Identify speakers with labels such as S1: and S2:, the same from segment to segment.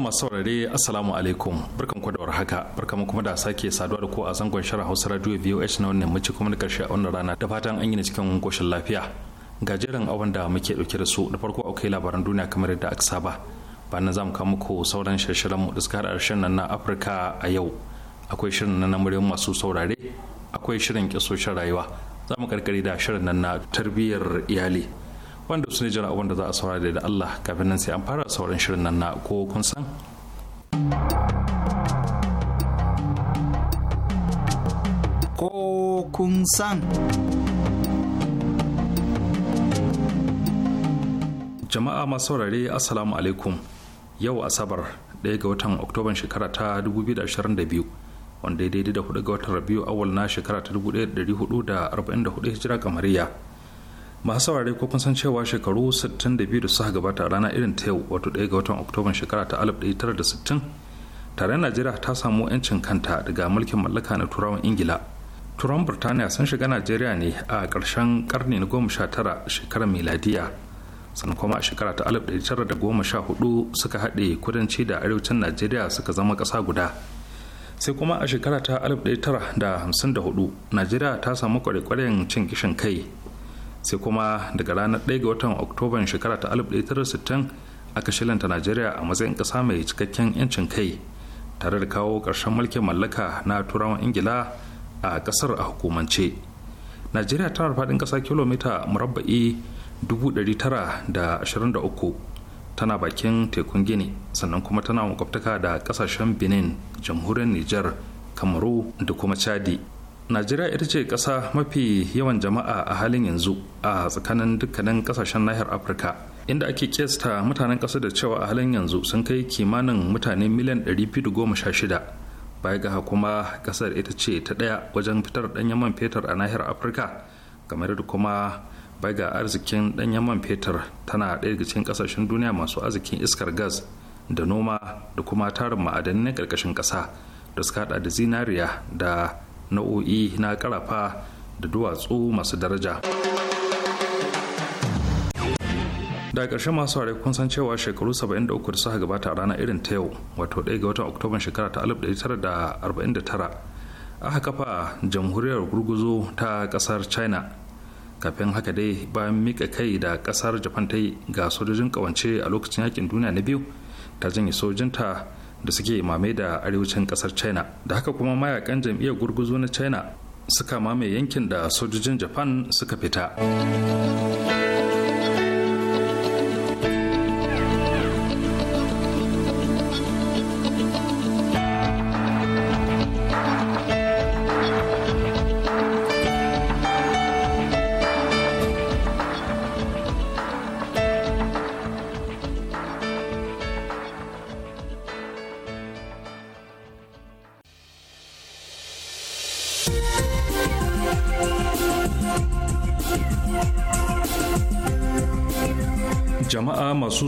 S1: masu saurare assalamu alaikum barkan ku da haka barkan kuma da sake saduwa da ku a zangon shirin Hausa Radio VOH na wannan mace kuma na karshe a wannan rana da fatan an yi ne cikin koshin lafiya ga jerin abin da muke dauke da su da farko a kai labaran duniya kamar yadda aka saba bayan za mu kawo muku sauran shirye mu da suka hada shirin nan na Afirka a yau akwai shirin nan na muryoyin masu saurare akwai shirin kisoshin rayuwa za mu karkare da shirin nan na tarbiyyar iyali wanda su ne jira abin da za a saurari da Allah kafin nan sai an fara sauran shirin nan na ko kun san.
S2: Ko kun san.
S1: Jama'a masu saurare Assalamu alaikum yau Asabar ɗaya ga watan Oktoban shekara ta 2022 wanda ya daidai da hudu ga watan rabiu awal na shekara ta 1444 hijira kamariya masu saurare ko kun san cewa shekaru 62 da suka gabata rana irin ta yau wato ɗaya ga watan oktoban shekara ta 1960 tare najeriya ta samu 'yancin kanta daga mulkin mallaka na turawan ingila turawan burtaniya sun shiga najeriya ne a ƙarshen ƙarni na goma sha tara shekarar miladiya sannan kuma a shekara ta 1914 tara da goma suka haɗe kudanci da arewacin najeriya suka zama ƙasa guda sai kuma a shekara ta 1954 da hamsin najeriya ta samu kwarekwaren cin kishin kai sai kuma daga ranar 1 ga watan oktoban shekara ta 1960 aka shilanta najeriya a matsayin ƙasa mai cikakken 'yancin kai tare da kawo ƙarshen mulkin mallaka na turawan ingila a ƙasar a hukumance najeriya tana faɗin ƙasa kilomita murabba'i 923 tana bakin tekun gini sannan kuma tana makwabtaka da ƙasashen benin jamhuriyar niger kamaru da kuma chadi najeriya ita ce kasa mafi yawan jama'a a halin yanzu a tsakanin dukkanin kasashen nahiyar afirka inda ake kesta mutanen kasa da cewa a halin yanzu sun kai kimanin mutane miliyan 216 baya ga kuma kasar ita ce ta ɗaya wajen fitar ɗanyen man fetur a nahiyar afirka kamar da kuma baya ga arzikin ɗanyen man fetur tana ɗaya daga cikin kasashen duniya masu arzikin iskar gas da noma da kuma tarin ma'adanin na ƙarƙashin ƙasa da suka haɗa da zinariya da nau'o'i na karafa da duwatsu masu daraja da ƙarshe masu ware kun san cewa shekaru 73 da suka gabata a ranar irin ta yau wato 1 ga watan oktoban shekara ta 1949 aka kafa jamhuriyar gurguzo ta ƙasar china kafin haka dai bayan mika kai da ƙasar japan ta yi ga sojojin ƙawance a lokacin yaƙin duniya na biyu ta janye sojinta da suke mame da arewacin kasar china da haka kuma mayakan jam'iyyar gurguzo na china suka mame yankin da sojojin japan suka fita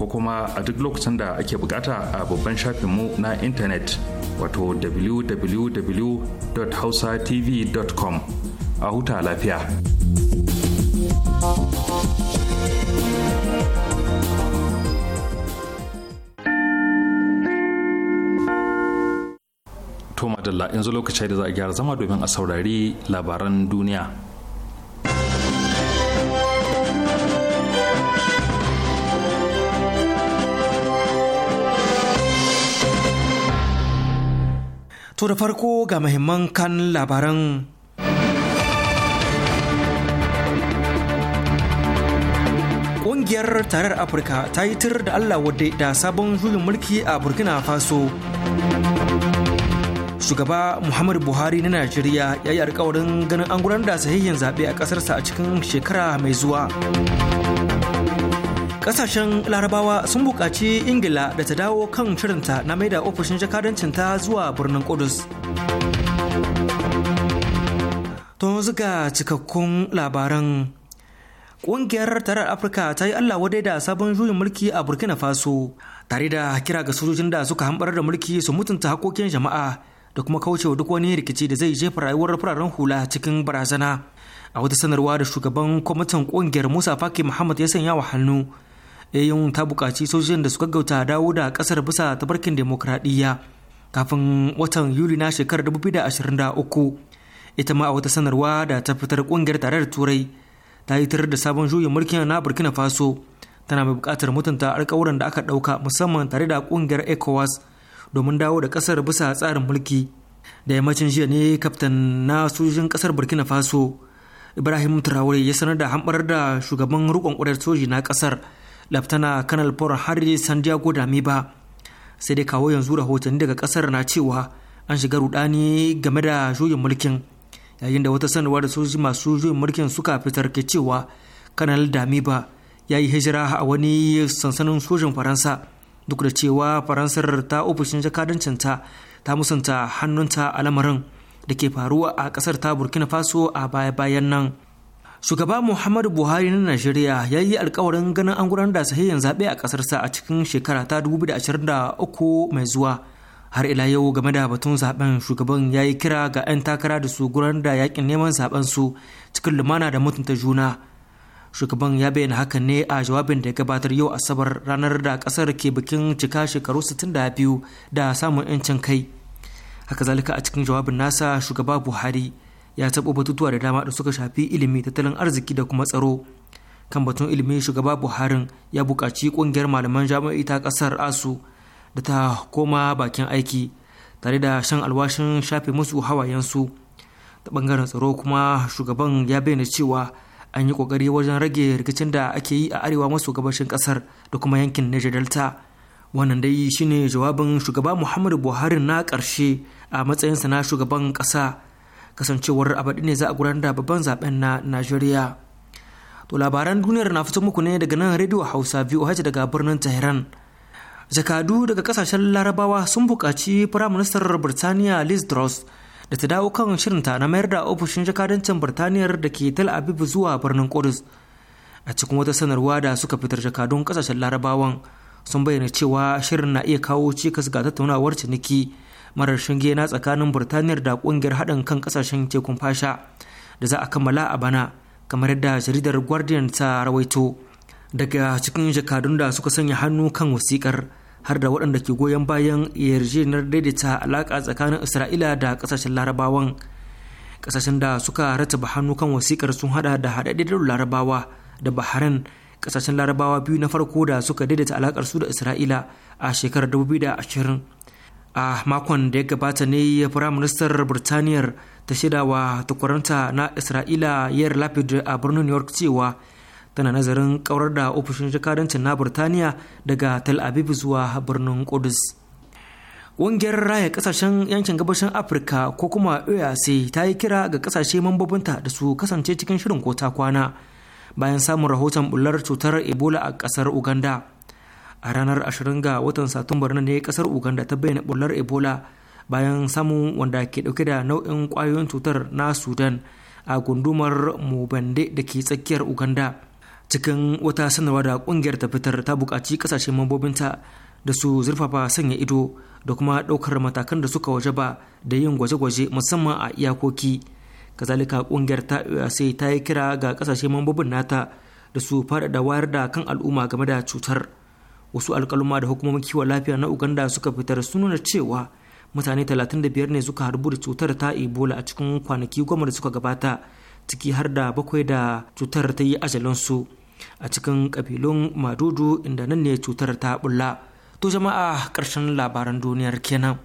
S1: ko kuma a duk lokacin da ake bukata a babban shafinmu na intanet wato www.hausatv.com a huta lafiya. To madalla yanzu lokacin da za a gyara zama domin a saurari labaran duniya.
S3: To da farko ga mahimman kan labaran. Ƙungiyar tarar Afirka ta yi tir da Allah wadda da sabon juyin mulki a Burkina Faso. Shugaba Muhammadu Buhari na Najeriya ya yi alkawarin ganin an gudanar da sahihin zaɓe a ƙasarsa a cikin shekara mai zuwa. kasashen larabawa sun buƙaci ingila da ta dawo kan shirinta na maida ofishin jakadancin ta zuwa birnin kudus to ga cikakkun labaran ƙungiyar tarar afirka ta yi allah wadai da sabon juyin mulki a burkina faso tare da kira ga sojojin da suka hambar da mulki su mutunta hakokin jama'a da kuma kaucewa duk wani rikici da zai jefa rayuwar fararen hula cikin barazana a wata sanarwa da shugaban kwamitin ƙungiyar musa faki muhammad ya sanya wa hannu AU ta bukaci sojojin da su gaggauta dawo da ƙasar bisa tabarkin demokradiyya kafin watan Yuli na shekarar 2023. Ita ma a wata sanarwa da ta fitar ƙungiyar tarayyar Turai ta yi da sabon juyin mulkin na Burkina Faso tana mai buƙatar mutunta alƙawuran da aka ɗauka musamman tare da kungiyar ECOWAS domin dawo da kasar bisa tsarin mulki. Da yammacin jiya ne kaftan na sojojin kasar Burkina Faso Ibrahim Traore ya sanar da hambar da shugaban riƙon ƙudar soji na kasar. laftana kanal paul san diago da ba sai dai kawo yanzu rahotanni daga kasar na cewa an shiga rudani game da juyin mulkin yayin da wata sanarwa da sojoji masu juyin mulkin suka fitar ke cewa kanal dami ba ya yi hijira a wani sansanin sojin faransa duk da cewa faransar ta ofishin jakadancinta ta musanta hannunta a lamarin da ke faruwa a kasar ta burkina faso a baya-bayan nan Shugaba Muhammadu Buhari na Najeriya ya yi alkawarin ganin an gudanar da sahihin zaɓe a ƙasarsa a cikin shekara ta 2023 mai zuwa. Har ila yau game da batun zaben shugaban ya yi kira ga 'yan takara da su gudanar da yakin neman zaben su cikin lumana da mutunta juna. Shugaban ya bayyana hakan ne a jawabin da ya gabatar yau Asabar ranar da ƙasar ke bikin cika shekaru 62 da samun 'yancin kai. Haka zalika a cikin jawabin nasa shugaba Buhari. ya taɓo batutuwa da dama da suka shafi ilimi tattalin arziki da kuma tsaro kan batun ilimin shugaba buharin ya buƙaci ƙungiyar malaman jami'i ta ƙasar asu da ta koma bakin aiki tare da shan alwashin shafe musu hawayensu ta ɓangaren tsaro kuma shugaban ya bayyana cewa an yi ƙoƙari wajen rage rikicin da ake yi a arewa maso gabashin ƙasar da kuma yankin niger delta wannan dai shine jawabin shugaba muhammadu buhari na ƙarshe a matsayinsa na shugaban ƙasa kasancewar abadi ne za a gudanar da babban zaben na najeriya to labaran duniyar na fito muku ne daga nan rediyo hausa voh daga birnin tehran jakadu daga kasashen larabawa sun buƙaci firaministar birtaniya liz truss da ta dawo kan shirinta na mayar da ofishin jakadancin birtaniyar da ke tel aviv zuwa birnin kudus a cikin wata sanarwa da suka fitar jakadun kasashen larabawan sun bayyana cewa shirin na iya kawo cikas ga tattaunawar ciniki marar shinge na tsakanin burtaniyar da kungiyar haɗin kan kasashen tekun fasha da za a kammala a bana kamar yadda jaridar guardian ta rawaito daga cikin jakadun da suka sanya hannu kan wasikar har da waɗanda ke goyon bayan yarjejeniyar daidaita alaƙa tsakanin isra'ila da kasashen larabawan kasashen da suka rataba hannu kan wasikar sun hada da haɗaɗɗiyar larabawa da bahrain kasashen larabawa biyu na farko da suka daidaita alakar su da isra'ila a shekarar 2020 a makon da ya gabata ne ya firaministar birtaniyar ta wa takwaranta na isra'ila yar lapid a birnin new york cewa tana nazarin kawar da ofishin jakadancin na birtaniya daga tel aviv zuwa birnin kudus ƙungiyar raya kasashen yankin gabashin afirka ko kuma oac ta yi kira ga kasashe mambobinta da su kasance cikin shirin kota kwana bayan samun rahoton bular cutar ebola a ƙasar uganda a ranar 20 ga watan satumbar nan ne kasar uganda ta bayyana bullar ebola bayan samun wanda ke dauke da nau'in kwayoyin cutar na sudan a gundumar mubande da ke tsakiyar uganda cikin wata sanarwa da kungiyar ta fitar ta buƙaci kasashen mambobinta da su zurfafa sanya ido da kuma ɗaukar matakan da suka waje ba da yin gwaje-gwaje musamman a iyakoki kazalika kungiyar ta sai ta yi kira ga kasashen mambobin nata da su faɗaɗa wayar da kan al'umma game da cutar wasu alkaluma da hukumomin kiwon lafiya na uganda suka fitar sun nuna cewa mutane 35 ne suka harbu da cutar ta ebola a cikin kwanaki goma da suka gabata ciki har da bakwai da cutar ta yi ajalinsu a cikin kabilun madudu inda nan ne cutar ta bulla to jama'a ƙarshen labaran duniyar kenan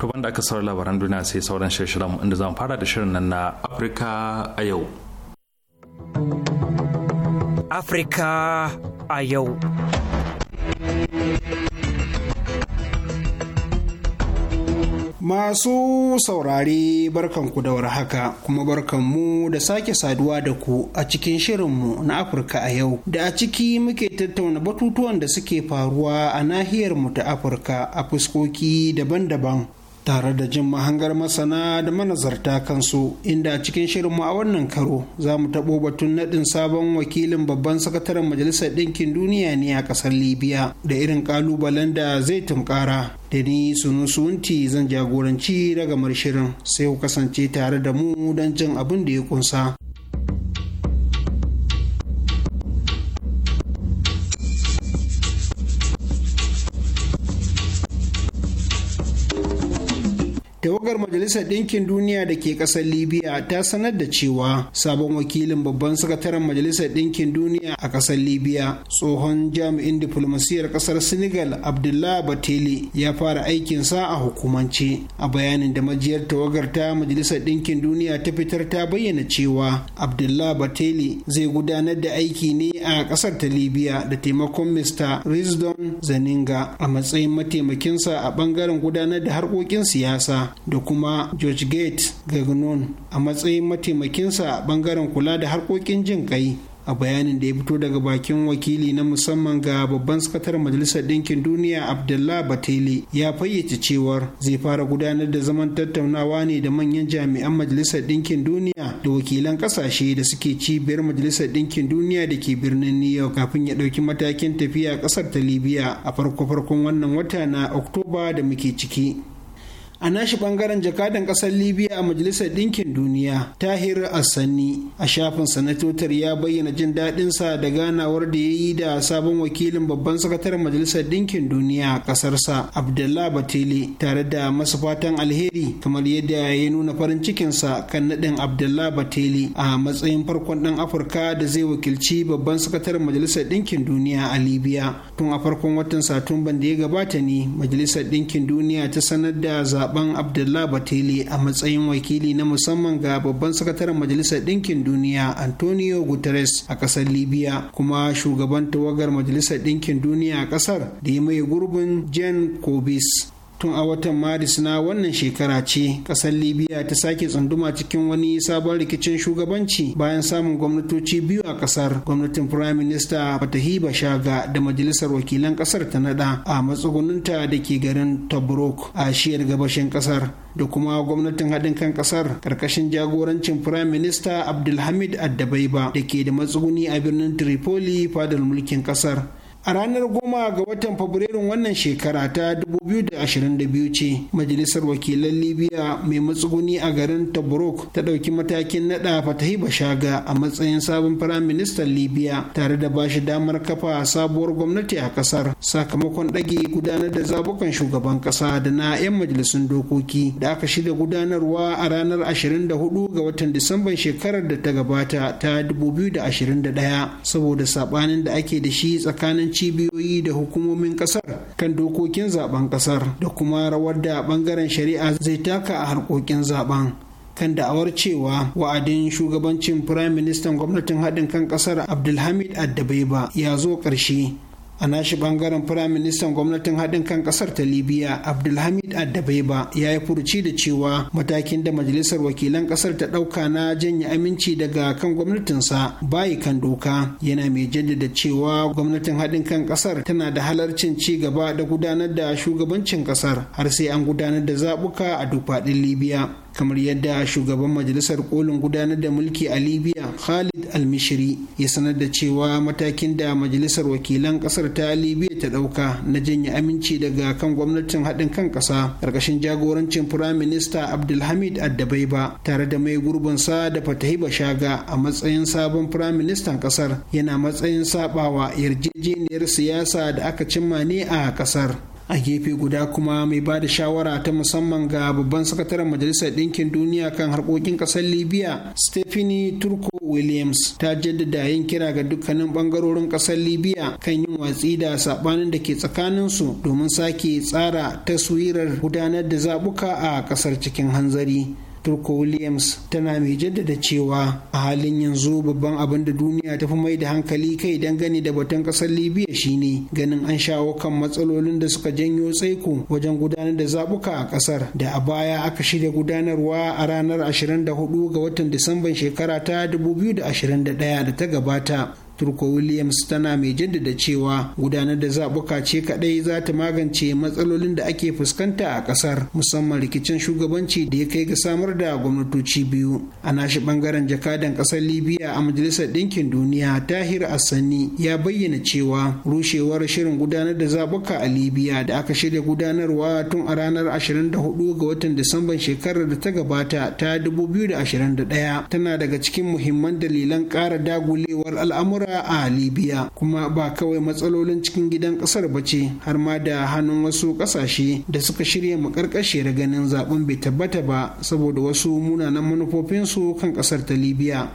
S1: to banda aka saurari labaran duniya sai sauran shirye-shiryen inda zamu fara da shirin nan na afirka a yau
S3: afirka a yau Masu
S4: saurare barkanku da warhaka kuma barkanmu da sake saduwa da ku a cikin shirinmu na Afirka a yau da a ciki muke tattauna batutuwan da suke faruwa a nahiyarmu ta Afirka a fuskoki daban-daban tare da jin mahangar masana da manazarta kansu inda cikin shirin mu a wannan karo za mu taɓo batun naɗin sabon wakilin babban sakataren majalisar ɗinkin duniya ne a ƙasar libya da irin ƙalubalen da zai tunkara da ni sunu suwunti zan jagoranci daga shirin sai ku kasance tare da mu don jin abin da ya kunsa. majalisar ɗinkin duniya da ke ƙasar libya ta sanar da cewa sabon wakilin babban sakataren majalisar ɗinkin duniya a ƙasar libya tsohon jami'in diflomasiyyar ƙasar senegal abdullah bateli ya fara aikinsa a hukumance a bayanin da majiyar tawagar ta majalisar ɗinkin duniya ta fitar ta bayyana cewa abdullah bateli zai gudanar da aiki ne a ƙasar ta libya da taimakon mr rizdon zaninga a matsayin mataimakinsa a ɓangaren gudanar da harkokin siyasa da kuma george gate gagnon a matsayin mataimakinsa bangaren kula da harkokin jin kai a bayanin da ya fito daga bakin wakili na musamman ga babban sakatar majalisar ɗinkin duniya abdullah batele ya fayyace cewar zai fara gudanar da zaman tattaunawa ne da manyan jami'an majalisar ɗinkin duniya da wakilan ƙasashe da suke cibiyar majalisar ɗinkin duniya da ke birnin new york kafin ya ɗauki matakin tafiya ƙasar ta libya a farko farkon wannan wata na oktoba da muke ciki a nashi bangaren jakadan kasar libya a majalisar ɗinkin duniya tahir asani a shafin sanatotar ya bayyana jin daɗinsa da ganawar da ya yi da sabon wakilin babban sakataren majalisar ɗinkin duniya a ƙasarsa abdullah batili tare da masu fatan alheri kamar yadda ya nuna farin cikinsa kan naɗin abdullah batili a matsayin farkon ɗan afirka da zai wakilci babban sakataren majalisar ɗinkin duniya a libya tun a farkon watan satumban da ya gabata ne majalisar ɗinkin duniya ta sanar da zaben abdullah batili a matsayin wakili na musamman ga babban sakataren majalisar ɗinkin duniya antonio guterres a ƙasar libya kuma shugaban tawagar majalisar ɗinkin duniya a ƙasar da ya mai gurbin jen kobis tun a watan maris na wannan shekara ce Ƙasar libya ta sake tsunduma cikin wani sabon rikicin shugabanci bayan samun gwamnatoci biyu a ƙasar, gwamnatin prime minister fatahi bashaga da majalisar wakilan Ƙasar ta nada a matsuguninta da ke garin tobruk a shiyar gabashin ƙasar, da kuma gwamnatin haɗin kan ƙasar, karkashin jagorancin prime minister abdulhamid addabaiba da ke da matsuguni a birnin tripoli fadar mulkin ƙasar. a ranar goma ga watan fabrairu wannan shekara ta 2022 ce majalisar wakilan libya mai matsuguni a garin tabrok ta ɗauki matakin naɗa fatahi bashaga a matsayin sabon firaministan libya tare da ba shi damar kafa sabuwar gwamnati a ƙasar sakamakon ɗage gudanar da zabukan shugaban ƙasa da na 'yan majalisun dokoki da aka shirya gudanarwa a ranar 24 ga watan disamban shekarar da ta gabata ta 2021 saboda saɓanin da ake da shi tsakanin cibiyoyi da hukumomin kasar kan dokokin zaben kasar da kuma rawar da bangaren shari'a zai taka a harkokin zaben kan da'awar cewa wa'adin shugabancin firayim ministan gwamnatin haɗin kan ƙasar abdulhamid ba ya zo ƙarshe a nashi bangaren firaministan gwamnatin haɗin kan ƙasar ta libya abdulhamid addabaiba ya yi furuci da cewa matakin da majalisar wakilan ƙasar ta ɗauka na janye aminci daga kan gwamnatinsa bayi kan doka yana mai jaddada cewa gwamnatin haɗin kan ƙasar tana da halarcin ci gaba da gudanar da shugabancin ƙasar har sai an gudanar da zaɓuka a duk faɗin libya kamar yadda shugaban majalisar kolin gudanar da mulki a libya khalid almishiri ya sanar da cewa matakin da majalisar wakilan kasar ta libya ta dauka na janye aminci daga kan gwamnatin haɗin kan ƙasa ƙarƙashin jagorancin firaminista abdulhamid addabaiba tare da mai gurbinsa da fatahi shaga a matsayin sabon firaministan ƙasar yana matsayin sabawa yarjejeniyar siyasa da aka cimma ne a ƙasar a gefe guda kuma mai bada shawara ta musamman ga babban sakataren majalisar ɗinkin duniya kan harkokin ƙasar libya stephanie turko williams ta jaddada yin kira ga dukkanin ɓangarorin ƙasar libya kan yin watsi da saɓanin da ke tsakanin su domin sake tsara taswirar gudanar da zaɓuka a ƙasar cikin hanzari turko williams tana mai jaddada cewa a halin yanzu babban abin da duniya ta fi mai da hankali kai dangane da batun kasar libya shine ganin an shawo kan matsalolin da suka janyo tsaiko wajen gudanar da zabuka a kasar da a baya aka shirya gudanarwa a ranar 24 ga watan disamban shekara ta 2021 da ta gabata turko williams tana mai jaddada cewa gudanar da zaɓuka ce kaɗai za ta magance matsalolin da ake fuskanta a ƙasar musamman rikicin shugabanci da ya kai ga samar da gwamnatoci biyu a nashi ɓangaren jakadan ƙasar libya a majalisar ɗinkin duniya tahir assani ya bayyana cewa rushewar shirin gudanar da zaɓuka a libya da aka shirya gudanarwa tun a ranar 24 ga watan disamban shekarar da ta gabata ta 2021 tana daga cikin muhimman dalilan ƙara dagulewar al'amura amurka a libya kuma ba kawai matsalolin cikin gidan kasar ba ce har ma da hannun wasu kasashe da suka shirya da ganin zaben bai tabbata ba saboda wasu munanan manufofinsu kan kasar ta libya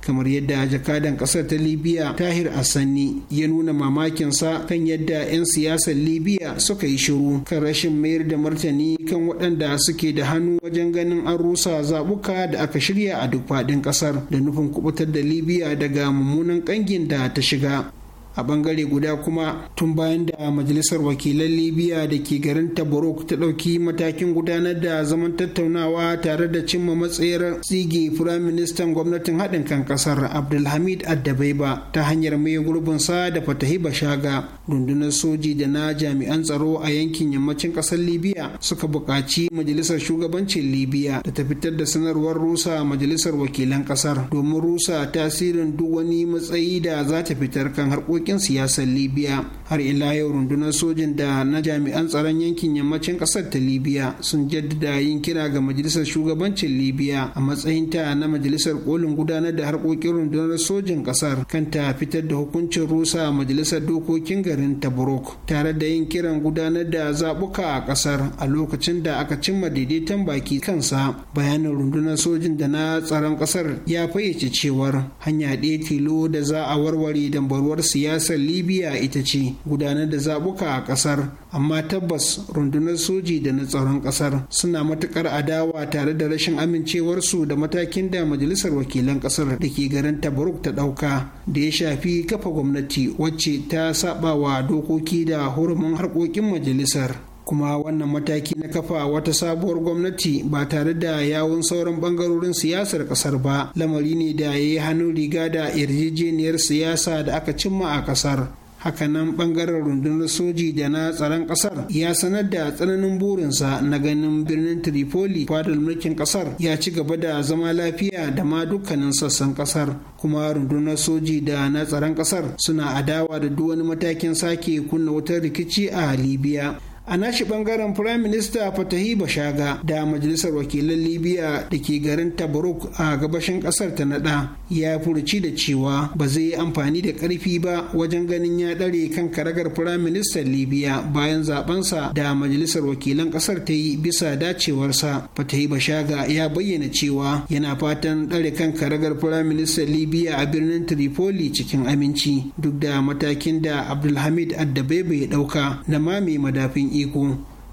S4: kamar yadda jakadan kasar ta libya tahir asani ya nuna mamakinsa kan yadda 'yan siyasar libya suka yi shiru kan rashin mayar da martani kan waɗanda suke da hannu wajen ganin an rusa zaɓuka da aka shirya a duk faɗin ƙasar da nufin kubutar da libya daga mummunan ƙangin da ta shiga a bangare guda kuma tun bayan da majalisar wakilan libya da ke garin tabarok ta ɗauki matakin gudanar da zaman tattaunawa tare da cimma matsayar tsige firayim ministan gwamnatin haɗin kan ƙasar abdulhamid addabaiba ta hanyar mai gurbinsa da fatahi shaga. rundunar soji da na jami'an tsaro a yankin yammacin ƙasar libya suka buƙaci majalisar shugabancin libya da ta fitar da sanarwar rusa majalisar wakilan ƙasar domin rusa tasirin duk wani matsayi da za ta fitar kan harkokin Weekend si hace Libia har ila yau rundunar sojin da na jami'an tsaron yankin yammacin kasar ta libya sun jaddada yin kira ga majalisar shugabancin libya a matsayin ta na majalisar kolin gudanar da harkokin rundunar sojin kasar kan ta fitar da hukuncin rusa a majalisar dokokin garin tabrok tare da yin kiran gudanar da zabuka a kasar a lokacin da aka cimma daidaiton baki kansa bayanin rundunar sojin da na tsaron kasar ya fayyace cewar hanya ɗaya tilo da za a warware dambaruwar siyasar libya ita ce gudanar da zabuka a kasar amma tabbas rundunar soji da na tsaron kasar suna matukar adawa tare da rashin amincewarsu da matakin da majalisar wakilan kasar da ke garin tabaruk ta dauka da ya shafi kafa gwamnati wacce ta saba wa dokoki da hurumin harkokin majalisar kuma wannan mataki na kafa wata sabuwar gwamnati ba tare da yawun sauran bangarorin siyasar kasar ba lamari ne da ya yi hannun riga da yarjejeniyar siyasa da aka cimma a kasar hakanan bangaren rundunar soji da na tsaron kasar ya sanar da tsananin burinsa na ganin birnin tripoli fadar mulkin kasar ya ci gaba da zama lafiya da ma dukkanin sassan kasar kuma rundunar soji da na tsaron kasar suna adawa da duk wani matakin sake kunna wutar rikici a libya a nashi bangaren prime minister fatahi bashaga da majalisar wakilan libya da ke garin tabaruk a gabashin kasar ta nada ya furuci da cewa ba zai yi amfani da karfi ba wajen ganin ya dare kan karagar prime minister libya bayan zabensa da majalisar wakilan kasar ta yi bisa dacewarsa fatahi bashaga ya bayyana cewa yana fatan dare kan karagar prime minister libya a birnin tripoli cikin aminci duk da matakin da abdulhamid addabebe ya dauka na mame madafin iko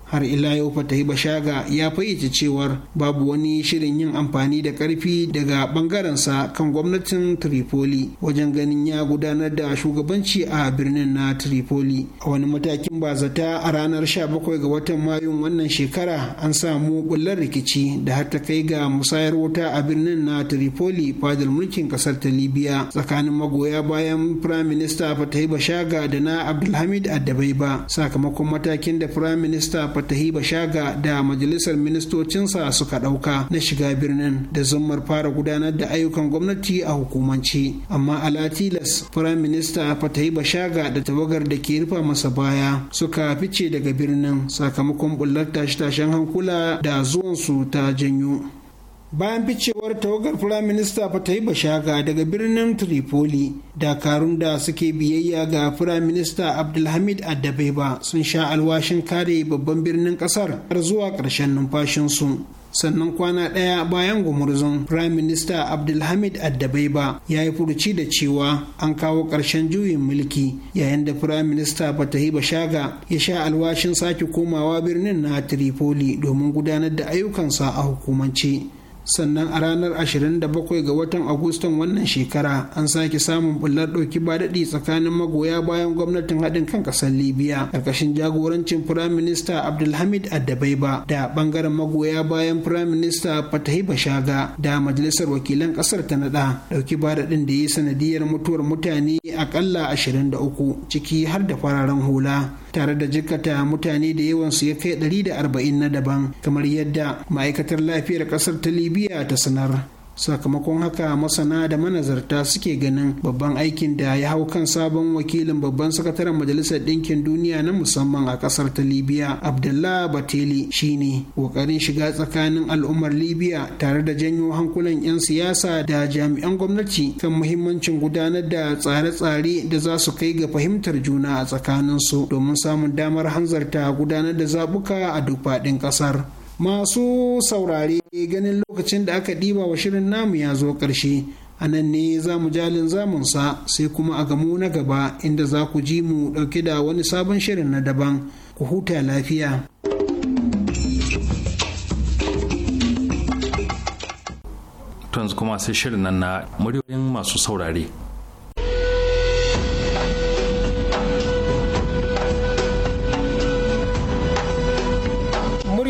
S4: har ila yau fatahi bashaga ya fayyace cewar babu wani shirin yin amfani da karfi daga bangarensa kan gwamnatin tripoli wajen ganin ya gudanar da shugabanci a birnin na tripoli a wani matakin ba bazata a ranar 17 ga watan mayun wannan shekara an samu bullar rikici da har ta kai ga musayar wuta a birnin na tripoli fadar mulkin kasar ta libya tsakanin magoya bayan firayim minista fatahi bashaga da na abdulhamid addabai ba sakamakon matakin da firayim minista fatahi bashaga da majalisar ministocinsa suka ɗauka na shiga birnin da zummar fara gudanar da ayyukan gwamnati a hukumance amma alatilas firayim minista fatahi bashaga da tawagar da ke rufa masa baya suka fice daga birnin sakamakon bullar tashe-tashen hankula da zuwansu ta janyo bayan ficewar tawagar firaminista yi bashaga daga birnin tripoli dakarun da suke biyayya ga firaminista abdulhamid ba sun sha alwashin kare babban birnin kasar har zuwa ƙarshen numfashinsu sannan kwana ɗaya bayan gumurzun Firaminista abdulhamid addabaiba ya yi furuci da cewa an kawo ƙarshen juyin mulki yayin da Firaminista minister fatahi bashaga ya sha alwashin sake komawa birnin na tripoli domin gudanar da ayyukansa a hukumance sannan a ranar 27 ga watan agustan wannan shekara an sake samun bullar ɗauki ba daɗi tsakanin magoya bayan gwamnatin haɗin kan ƙasar libya ƙarƙashin jagorancin firaminista abdulhamid addabaiba da ɓangaren magoya bayan firaminista fatahi bashaga da majalisar wakilan ƙasar ta naɗa ɗauki ba daɗin da ya sanadiyar mutuwar mutane aƙalla 23 ciki har da fararen hula tare da jikkata mutane da yawansu ya kai 140 na daban kamar yadda ma'aikatar lafiyar kasar ta libya ta sanar sakamakon haka masana da manazarta suke ganin babban aikin da ya hau kan sabon wakilin babban sakataren majalisar ɗinkin duniya na musamman a ƙasar ta libya abdullah bateli shine ƙoƙarin shiga tsakanin al'ummar libya tare da janyo hankulan 'yan siyasa da jami'an gwamnati kan muhimmancin gudanar da tsare-tsare da za su kai ga fahimtar juna a tsakaninsu domin samun damar hanzarta gudanar da zaɓuka a duk faɗin ƙasar masu saurare ganin lokacin da aka ɗiba wa shirin namu ya zo ƙarshe a nan ne za mu jalin zamunsa sai kuma a gamu na gaba inda za ku ji mu ɗauke da wani sabon shirin na daban ku huta lafiya
S1: yanzu kuma sai shirin nan na muryoyin masu saurare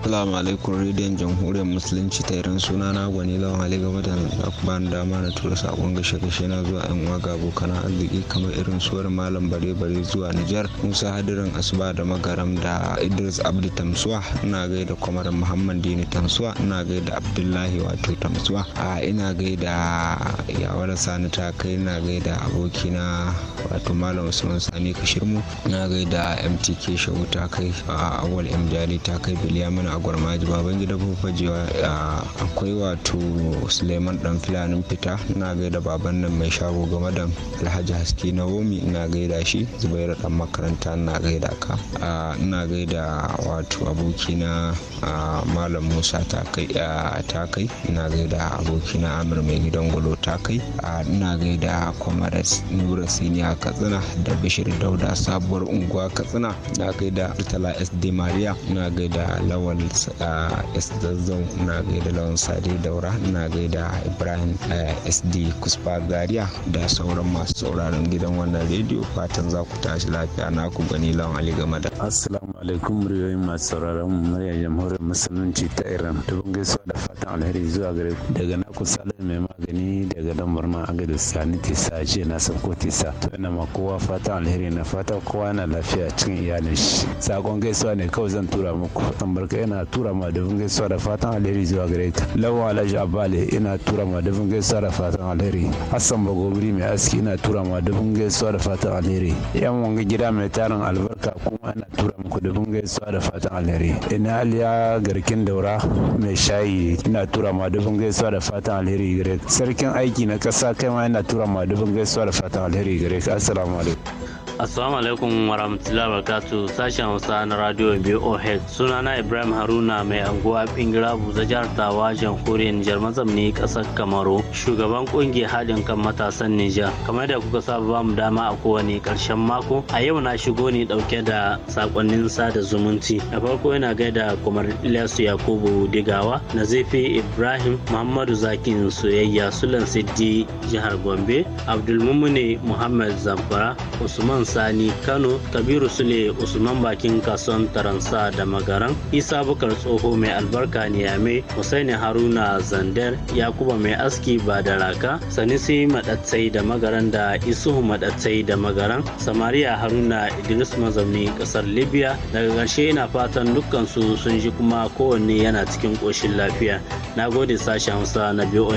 S5: Assalamu alaikum rediyon jamhuriyar musulunci ta irin suna na gwani lawan hali game da akban dama na tura sakon gashe gashe na zuwa yan uwa ga abokan arziki kamar irin suwar malam bare bare zuwa Nijar Musa Hadirin Asuba da Magaram da Idris Abdi Tamsuwa ina da kwamarin Muhammad Dini Tamsuwa ina da Abdullahi wato Tamsuwa a ina da yawar Sani ta kai ina da abokina wato malam Usman Sani Kashirmu ina da MTK shagu ta kai a awal M jari ta kai Biliyamina a gwarmaji baban gida fajewa akwai wato suleiman dan filanin fita na gaida baban nan mai shago game da alhaji haske na womi na gaida shi zubairu dan makaranta ina gaida ka ina gaida wato abokina malam musa takai na gaida abokina amir mai gidan gulo takai ina gaida kwamaras nura siniya katsina da bishir dauda sabuwar unguwa katsina ina gaida tala sd maria ina gaida lawal Uh, s n'a ina gaida lawan sade daura gaida ibrahim uh, sd kuspa gariya, da sauran masu sauraron gidan wannan rediyo fatan za ku tashi lafiya na ku gani lawan ali game assalamu alaikum muryoyin masu sauraron murya jamhuriyar musulunci ta iran dubin gaisuwa da fatan alheri zuwa gare ku daga na kusa mai magani daga lambar ma agada sani tisa jiya na sauko tisa to ina ma kowa fatan alheri na fata kowa yana lafiya cikin iyalin shi sakon gaisuwa ne kawai zan tura muku tambarka ina tura ma dubin gaisuwa da fatan alheri zuwa gare ta lawan alhaji abale ina tura ma dubin gaisuwa da fatan alheri hassan bagobiri mai aski ina tura ma dubin gaisuwa da fatan alheri yan wanga gida mai tarin albarka kuma ina tura muku dubin gaisuwa da fatan alheri ina aliya garkin daura mai shayi ina tura ma dubin gaisuwa da fatan alheri gare ka sarkin aiki na kasa kai ma ina tura ma dubin gaisuwa da fatan alheri gare ka assalamu alaikum
S6: Assalamu alaikum warahmatullahi wabarakatuh sashen Hausa na radio BOH sunana Ibrahim haruna mai anguwa bingira buza jihar tawa jamhuriyar nijar mazamni kasar kamaru shugaban kungiyar haɗin kan matasan nija kamar da kuka saba ba mu dama a kowane ƙarshen mako a yau na shigo ne ɗauke da sakonnin sada zumunci da farko yana gaida kumar ilyasu yakubu digawa nazifi ibrahim muhammadu zakin soyayya sulan siddi jihar gombe abdulmumune muhammad zamfara usman sani kano kabiru sule usman bakin kason taransa da magaran isa abubakar tsoho mai albarka niyame husaini haruna zandar yakuba mai aski ba da raka sanisi madatsai da magaran da isuhu madatsai da magaran samariya haruna idris mazauni kasar libya daga ƙarshe ina fatan dukkan su sun ji kuma kowanne yana cikin koshin lafiya na gode sashen hausa na biyu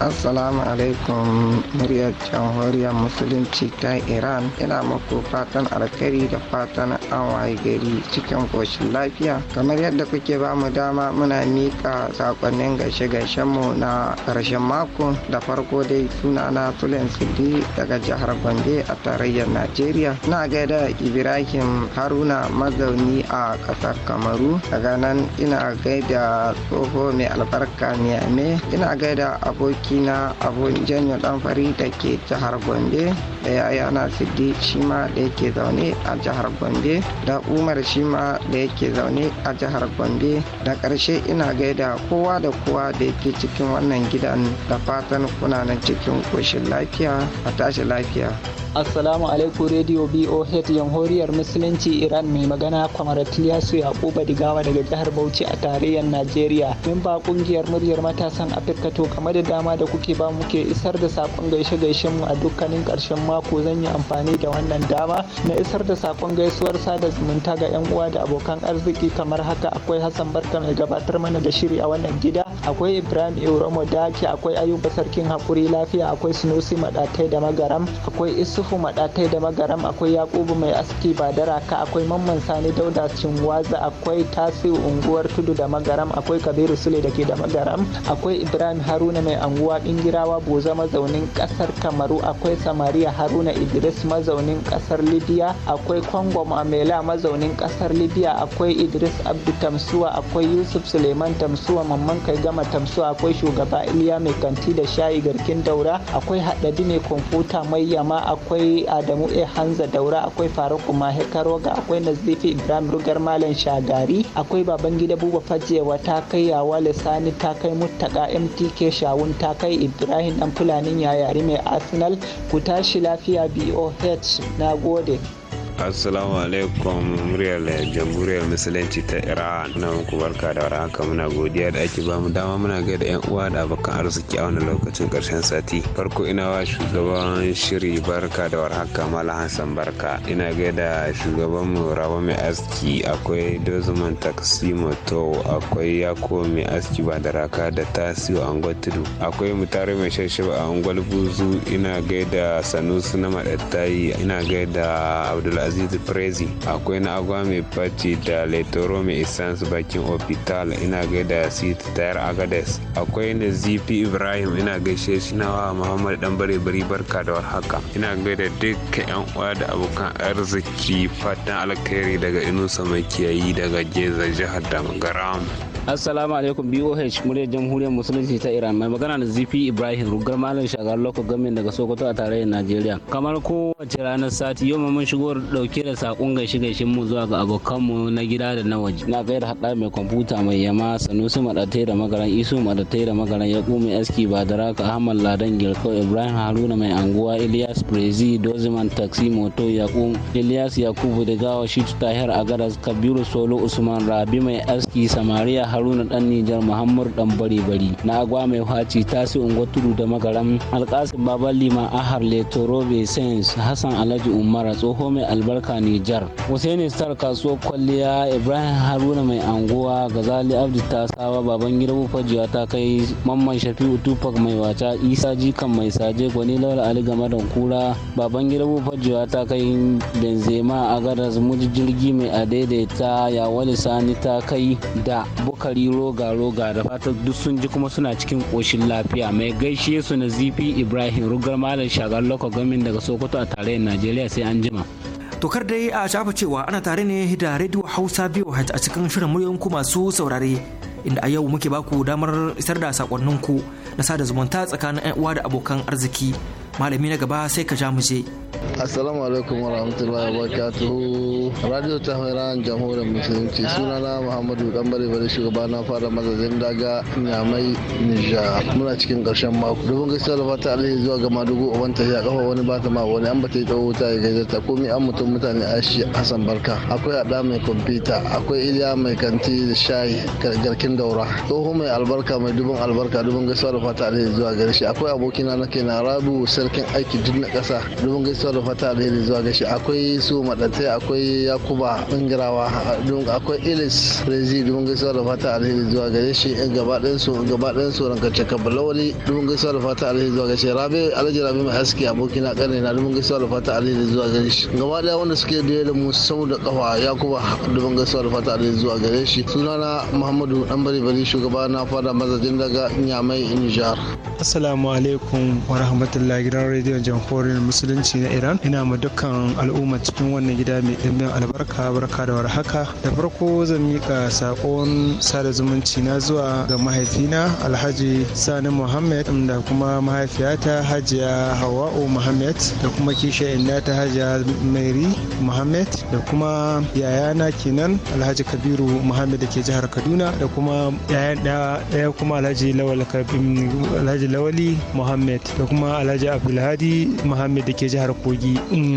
S5: assalamu alaikum muryar jamhuriyar musulunci ta iran ina muku fatan alkhairi da fatan an waye gari cikin ƙoshin lafiya kamar yadda da kuke ba mu dama muna mika sakonnin gaishe-gaishen mu na karshen mako da farko dai suna na tulen sidi daga jihar gombe a tarayyar najeriya na gaida ibrahim haruna mazauni a ƙasar kamaru daga nan ina gaida tsoho mai albarka niyame ina gaida abokina abun janyo dake da ke jihar gombe da na sidi shi da yake zaune a jihar gombe da umar Shima da yake zaune a jihar jihar gombe da karshe ina gaida kowa da kowa da yake cikin wannan gidan da fatan kuna nan cikin ƙoshin lafiya a tashi lafiya
S2: Assalamu alaikum Radio BOH Jamhuriyar Musulunci Iran mai magana Kwamaratiliya tiliyasu Yakuba Digawa daga jihar Bauchi a tarayyar Najeriya. Min ba kungiyar muryar matasan Afirka to kamar da dama da kuke ba muke isar da sakon gaishe gaishen mu a dukkanin karshen mako zan yi amfani da wannan dama na isar da sakon gaisuwar sada zumunta ga yan uwa da abokan arziki kamar haka da akwai Hassan Barka mai gabatar mana da shiri a wannan gida akwai Ibrahim Iromo Daki akwai Ayuba Sarkin Hakuri Lafiya akwai Sunusi Madatai da Magaram akwai Isufu Madatai da Magaram akwai Yakubu Mai Aski Badaraka akwai Mamman Sani Dauda Cinwaza akwai Tasi Unguwar Tudu da Magaram akwai Kabiru Sule da ke da Magaram akwai Ibrahim Haruna Mai Anguwa dingirawa Boza mazaunin kasar Kamaru akwai Samariya Haruna Idris mazaunin kasar Libya akwai Kongo Mamela mazaunin kasar Libya akwai Idris Abdu tamsuwa akwai yusuf suleiman tamsuwa mamman kai gama tamsuwa akwai shugaba iliya mai kanti da shayi garkin daura akwai haɗari mai kwamfuta mai yama akwai adamu e hanza daura akwai faruku mahe karoga akwai nazifi ibrahim rugar malam shagari akwai baban gida buba fajewa ta kai yawa lisani ta kai muttaka mtk shawun ta kai ibrahim dan fulanin yayari mai arsenal ku tashi lafiya boh na gode
S5: assalamu alaikum muryar jamhuriyar musulunci ta iran na muku barka da warhaka muna godiya da ake ba mu dama muna gaida yan uwa da abokan arziki a wani lokacin karshen sati farko ina wa shugaban shiri barka da warhaka mala hassan barka ina gaida shugaban mu rawa mai aski akwai dozuman taksi moto akwai yako mai aski ba da raka da tasiyo tudu akwai mutare mai shashaba a unguwar buzu ina gaida sanusi na madattayi ina gaida abdul aziz prezi akwai na agwa mai faci da letoro mai essence bakin opital ina gaida sit tayar agades akwai na zifi ibrahim ina gaishe shi wa muhammad dan bare bari barka da warhaka ina da duka yan uwa da abokan arziki fatan alkhairi daga inusa mai kiyayi daga jeza jihar damgaram
S7: assalamu alaikum boh muryar jamhuriyar musulunci ta iran mai magana da zp ibrahim rugar malam shagar local government daga sokoto a tarayyar najeriya kamar kowace ranar sati yau mun shigo dauke da sakon gaishe gaishen mu zuwa ga abokanmu na gida da na waje na gaida hada mai kwamfuta mai yama sanusi madatai da magaran isu madatai da magaran ya mai aski badaraka ahmad ladan gilko ibrahim haruna mai anguwa ilyas prezi doziman taxi moto yakum ilyas yakubu da gawa shi tahir agaras kabiru solo usman rabi mai aski samariya haruna dan nijar muhammadu dan bari bari na agwa mai faci tasi unguwa tudu da magaram alkasin baban lima ahar leto robe sains hassan alhaji umara tsoho mai albarka nijar hussaini star kasuwar kwalliya ibrahim haruna mai anguwa gazali abdi tasawa baban girbu fajiya ta kai mamman shafi'u tupac mai wata isa jikan mai saje gwani laura ali game da kura baban girbu fajiya ta kai benzema agaras muji jirgi mai adaidaita wani sani ta kai da buka sukari roga roga da fatan duk sun ji kuma suna cikin koshin lafiya mai gaishe su na zifi ibrahim rugar malam shagar local government
S3: daga sokoto a tarayyar najeriya sai an jima tokar dai a shafa cewa ana tare ne da radio hausa biyu a cikin shirin muryoyin ku masu saurare inda a yau muke baku damar isar da sakonninku na sada zumunta tsakanin uwa da abokan arziki malami na gaba sai ka ja mu je
S8: Assalamu alaikum warahmatullahi wabarakatuhu. Radio Tehran Jamhuriyar Musulunci suna na Muhammadu Dambare bari shugaba na fara mazajen daga Nyamai Nija. Muna cikin karshen mako. Dubin gaskiya da fata Allah zuwa ga Madugu uban ta ya kafa wani bata ma wani an bata yi tsawo ta ya gaza ta komai an mutum mutane Ashi Hassan Barka. Akwai Ada mai kwamfuta, akwai Iliya mai kanti da shayi garkin daura. Tsoho mai albarka mai dubin albarka dubin gaskiya da fata Allah zuwa gare shi. Akwai abokina na na Rabu Sir sarkin aiki duk na ƙasa domin gaisuwa da fata alheri zuwa gashi akwai su maɗate akwai yakuba ingirawa domin akwai ilis rezi domin gaisuwa da fata alheri zuwa gashi shi gaba ɗansu gaba ɗansu rankace kabalawali domin gaisuwa da fata alheri zuwa gashi rabe alhaji rabe mai aski aboki na ƙarni na domin gaisuwa da fata alheri zuwa gashi gaba ɗaya wanda suke da da mu sau da ƙafa yakuba domin gaisuwa da fata alheri zuwa gashi shi sunana muhammadu dan bari bari shugaba na fada mazajin daga nyamai nijar
S9: assalamu alaikum wa rahmatullahi gidan rediyon jamhuriyar musulunci na iran ina ma dukkan al'umma cikin wannan gida mai ɗimbin albarka barka da warhaka da farko zan mika sakon sada zumunci na zuwa ga mahaifina alhaji sani muhammad da kuma mahaifiyata hajiya hawa'u muhammad da kuma kisha inda ta hajiya mairi muhammad da kuma yayana kenan alhaji kabiru muhammad da ke jihar kaduna da kuma yayan ɗaya kuma alhaji lawali muhammad da kuma alhaji abdulhadi Muhammad da ke jihar kogi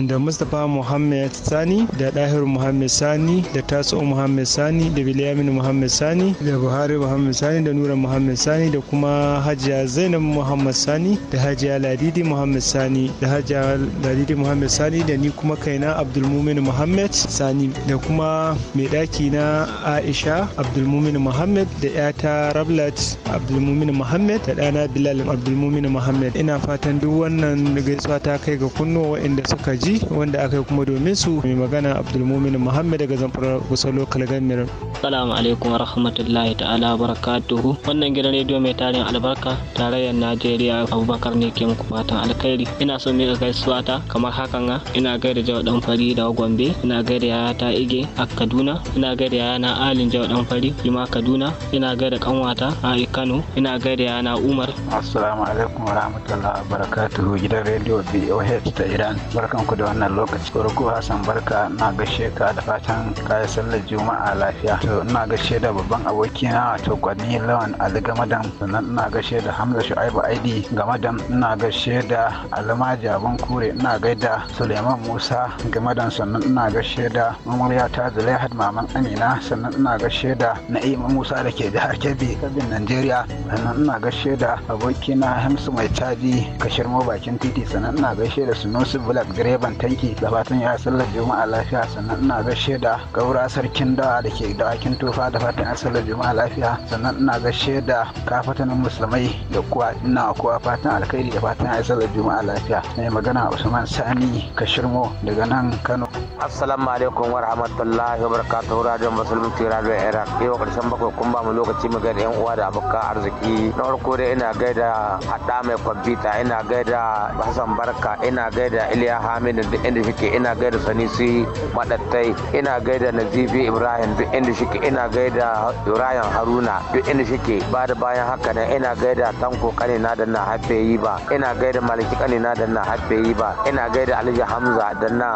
S9: da mustapha Muhammad sani da dahir Muhammad sani da taso Muhammad sani da bilyamin Muhammad sani da buhari Muhammad sani da nura Muhammad sani da kuma hajiya zainab muhammad sani da hajiya ladidi Muhammad sani da hajiya ladidi Muhammad sani da ni kuma kaina abdulmumin Muhammad sani da kuma mai daki na aisha abdulmumin Muhammad da ƴata rablat abdulmumin Muhammad da ɗana bilal abdulmumin Muhammad ina fatan duk wannan gaisuwa ta kai ga kunnuwa waɗanda suka ji wanda aka yi kuma domin su mai magana abdulmumin muhammad daga zamfara kusa lokal gamir
S7: salamu alaikum rahmatullahi ta'ala barakatuhu wannan gidan rediyo mai tarin albarka tarayyar najeriya abubakar ne ke muku fatan alkhairi ina so mai gaisuwa ta kamar hakan ga ina gaida jawa dan fari da gombe ina gaida yaya ta ige a kaduna ina gaida yaya na alin jawa dan fari lima kaduna ina gaida kanwata a kano ina gaida yaya na umar
S5: assalamu alaikum wa rahmatullahi wa barakatuhu wato gidan rediyo BOH ta Iran. Barkan ku da wannan lokaci. Farko Hassan barka na gashe ka da fatan kayan sallar Juma'a lafiya. To ina gashe da babban abokina wato Gwani Lawan Ali Gamadan. Sannan ina gashe da Hamza Shu'aibu Aidi Gamadan. Ina gashe da Alma Jabon Kure. Ina gaida Suleiman Musa Gamadan. Sannan ina gashe da Mamuriya ta Zulaihat Maman Amina. Sannan ina gashe da Na'ima Musa da ke jihar Kebbi, kabin Najeriya. Sannan ina gashe da abokina Hamsu Mai Caji Kashir Mobile. bakin titi sannan ina gaishe da sunusu black direban tanki da fatan ya sallar juma'a lafiya sannan ina gaishe da gaura sarkin dawa da ke bakin tufa da fatan ya sallar juma'a lafiya sannan ina gaishe da kafatanin musulmai da kuwa ina kuwa fatan alkhairi da fatan ya sallar juma'a lafiya mai magana usman sani kashirmo daga nan kano
S10: assalamu alaikum wa rahmatullahi wa barakatuhu radiyon musulunci radio iraq yau karshen bakwai kun ba mu lokaci mu ga yan uwa da abokan arziki na farko dai ina gaida hada mai kwamfuta ina gaida Hassan Barka ina gaida Iliya Hamidu duk inda shike ina gaida Sanisi Madattai ina gaida Nazifi Ibrahim duk inda shike ina gaida Rayan Haruna duk inda shike ba da bayan haka ne ina gaida Tanko Kane na da na haife yi ba ina gaida Maliki Kane na da na haife yi ba ina gaida Alhaji Hamza da na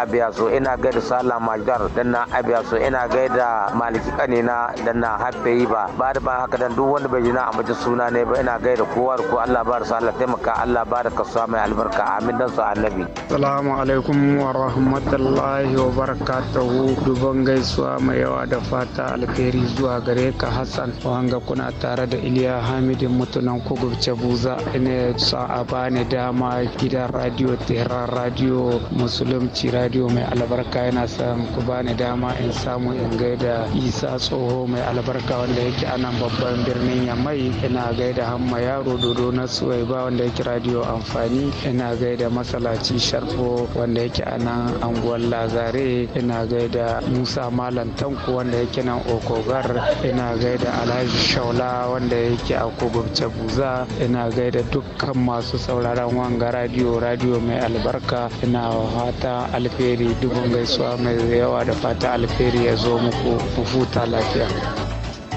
S10: abiya so ina gaida Sala Majdar da na abiya so ina gaida Maliki Kane na da na haife yi ba ba da bayan haka dan duk wanda bai ji na amince suna ne ba ina gaida kowa da ko Allah ba da sallah taimaka Allah ba da ka samu albarka amin dan su annabi
S9: salamu alaikum wa rahmatullahi wa barakatuhu duban gaisuwa mai yawa da fata alheri zuwa gare ka Hassan wanga kuna tare da Iliya Hamidin mutunan kugubce cebuza ina sa a bani dama gidan radio Tehran radio musulunci radio mai albarka yana son ku bani dama in samu in gaida Isa tsoho mai albarka wanda yake anan babban birnin Yamai ina gaida Hamma yaro dodo na Suwaiba wanda yake radio a amfani ina gaida masalaci sharfo wanda yake a nan anguwar lazare ina gaida musa malam tanko wanda yake nan okogar ina gaida alhaji shaula wanda yake a kogobce buza ina gaida dukkan masu sauraron wanga radio radio mai albarka ina fata alferi dubin gaisuwa mai yawa da fata alferi ya zo muku huta lafiya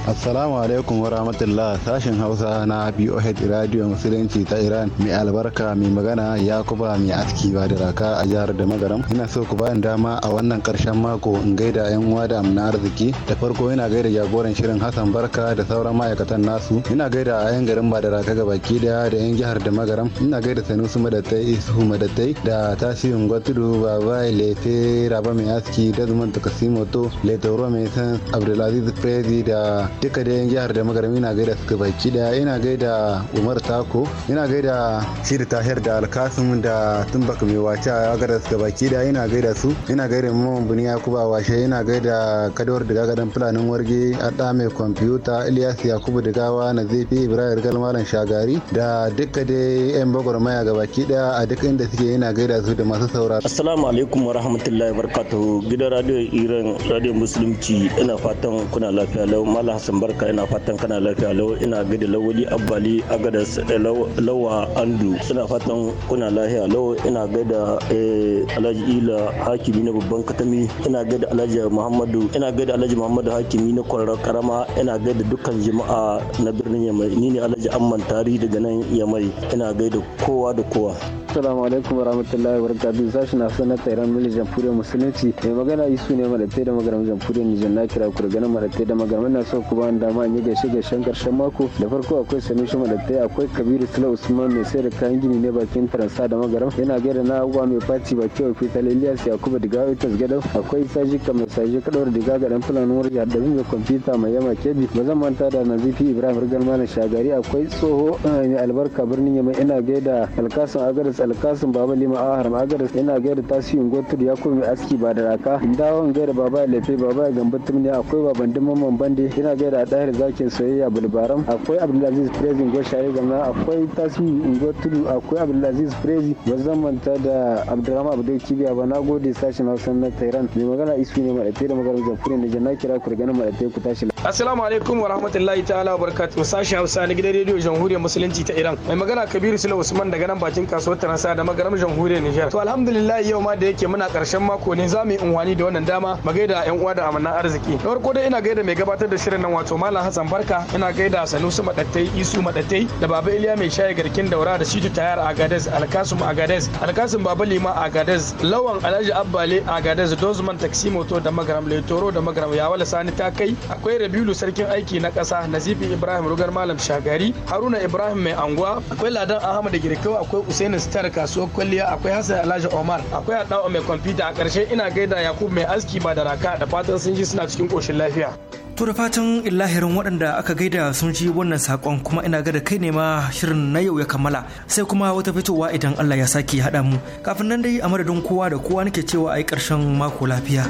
S7: Assalamu alaikum wa rahmatullah sashen Hausa na BOH Radio Musulunci ta Iran mai albarka mai magana ya kuba mai aski ba da raka a jihar da magaram. Ina so ku bayan dama a wannan karshen mako in gaida yan uwa da amna arziki. Da farko ina gaida jagoran shirin Hassan Barka da sauran ma'aikatan nasu. Ina gaida a yan garin ba da raka ga baki daya da yan jihar da magaram. Ina gaida Sanusi Madatai Isuhu Madatai da Tasirin Gwatudu Babai Lefe Raba mai aski da Zuman Takasimoto Letoro mai san Abdulaziz Prezi da duka da yan jihar da magarami na gaida su baki da ina gaida umar tako ina gaida shirin tahir da alkasim da tumbak mai wace a gada su baki da ina gaida su ina gaida mamman buni yakuba washe ina gaida kadawar daga gadan fulanin warge adda mai kwamfuta ilyas yakubu gawa nazifi ibrahim rigal malam shagari da duka da yan bagwarmaya gabaki da a duk inda suke ina gaida
S6: su da masu saura. assalamu alaikum wa rahmatullahi wa barakatuhu gidan radio iran radio musulunci ina fatan kuna lafiya lau malam Hassan Barka ina fatan kana lafiya lau ina gidi lawali abbali gada eh, lawa andu suna fatan kuna lafiya lau ina gada eh, Alhaji Ila Hakimi na babban katami ina gada Alhaji Muhammadu ina gada Alhaji Muhammadu Hakimi na kwarar karama ina gada dukkan jama'a na birnin Yamai ni ne Alhaji Amman Tari daga nan Yamai ina gaida kowa da kowa
S8: Assalamu alaikum
S6: warahmatullahi
S7: wabarakatuh sashi na sanar da Iran Mili jamfuriyar Musulunci mai magana su ne madatai da magaramin jamfuriyar Nijar na kira ku daga nan madatai da magaramin na so ku ba dama in yi gaishe gaishen karshen mako da farko akwai sami shi madattai akwai kabiru sula usman mai sayar da kayan gini ne bakin faransa da magaram yana gaida na abubuwa mai faci ba kyau fitar ilyas yakubu diga itas gadau akwai saji mai saji kadawar diga garan fulani wuri da mai kwamfuta mai yama kebi ba zan manta da nazifi ibrahim rigar malam shagari akwai tsoho eh, mai albarka birnin yamma ina gaida alkasun agaris alkasun baba lima ahar agaris ina gaida tasirin gotur kuma mai aski ba da raka dawon gaida baba lafi baba gambatum ne akwai baban dimman bandi ina a ɗahir zakin soyayya bulbaram akwai abdulaziz prezi goshaye gama akwai tasiru ungo tudu akwai abdulaziz prezi ba zan manta da Abdulrahman abdul kibiya ba na gode sashen hausa na tehran mai magana isu ne maɗaɗe da magana jamhuriyar nijar na kira ku ganin tare ku tashi
S11: assalamu alaikum wa rahmatullahi ta'ala wa barakatuh sashen hausa na gidan rediyo
S10: jamhuriyar musulunci ta iran mai magana kabiru sula usman daga nan bakin kasuwar tarasa da magaram jamhuriyar nijar to alhamdulillah yau ma da yake muna karshen mako ne zamu yi unwani da wannan dama magaida gaida yan uwa da amanan arziki na farko dai ina gaida mai gabatar da shirin nan wato Malam Hassan Barka ina gaida Sanusi Madattai Isu Madattai da Baba Iliya mai shayi garkin daura da Shitu Tayar Agades Alkasum Agades Alkasum Baba Lima Agades Lawan Alhaji Abbale Agades Dozman Taxi Moto da Magaram Letoro da Magaram Yawala Sani ta kai akwai Rabiulu sarkin aiki na ƙasa Nazifi Ibrahim Rugar Malam Shagari Haruna Ibrahim mai anguwa akwai Ladan Ahmad Girkau akwai Usaini Star kasuwar kwalliya akwai Hassan Alhaji Omar akwai Adawa mai kwamfuta a ƙarshe ina gaida Yakub mai aski ba da raka da fatan sun ji suna cikin
S12: ƙoshin lafiya.
S3: To da fatan in illahirin waɗanda aka gaida sun ji wannan saƙon kuma ina ga da kai ne ma shirin na yau ya kammala sai kuma wata fitowa idan Allah ya sake haɗa mu kafin nan dai a madadin kowa da kowa nake cewa a yi ƙarshen mako lafiya.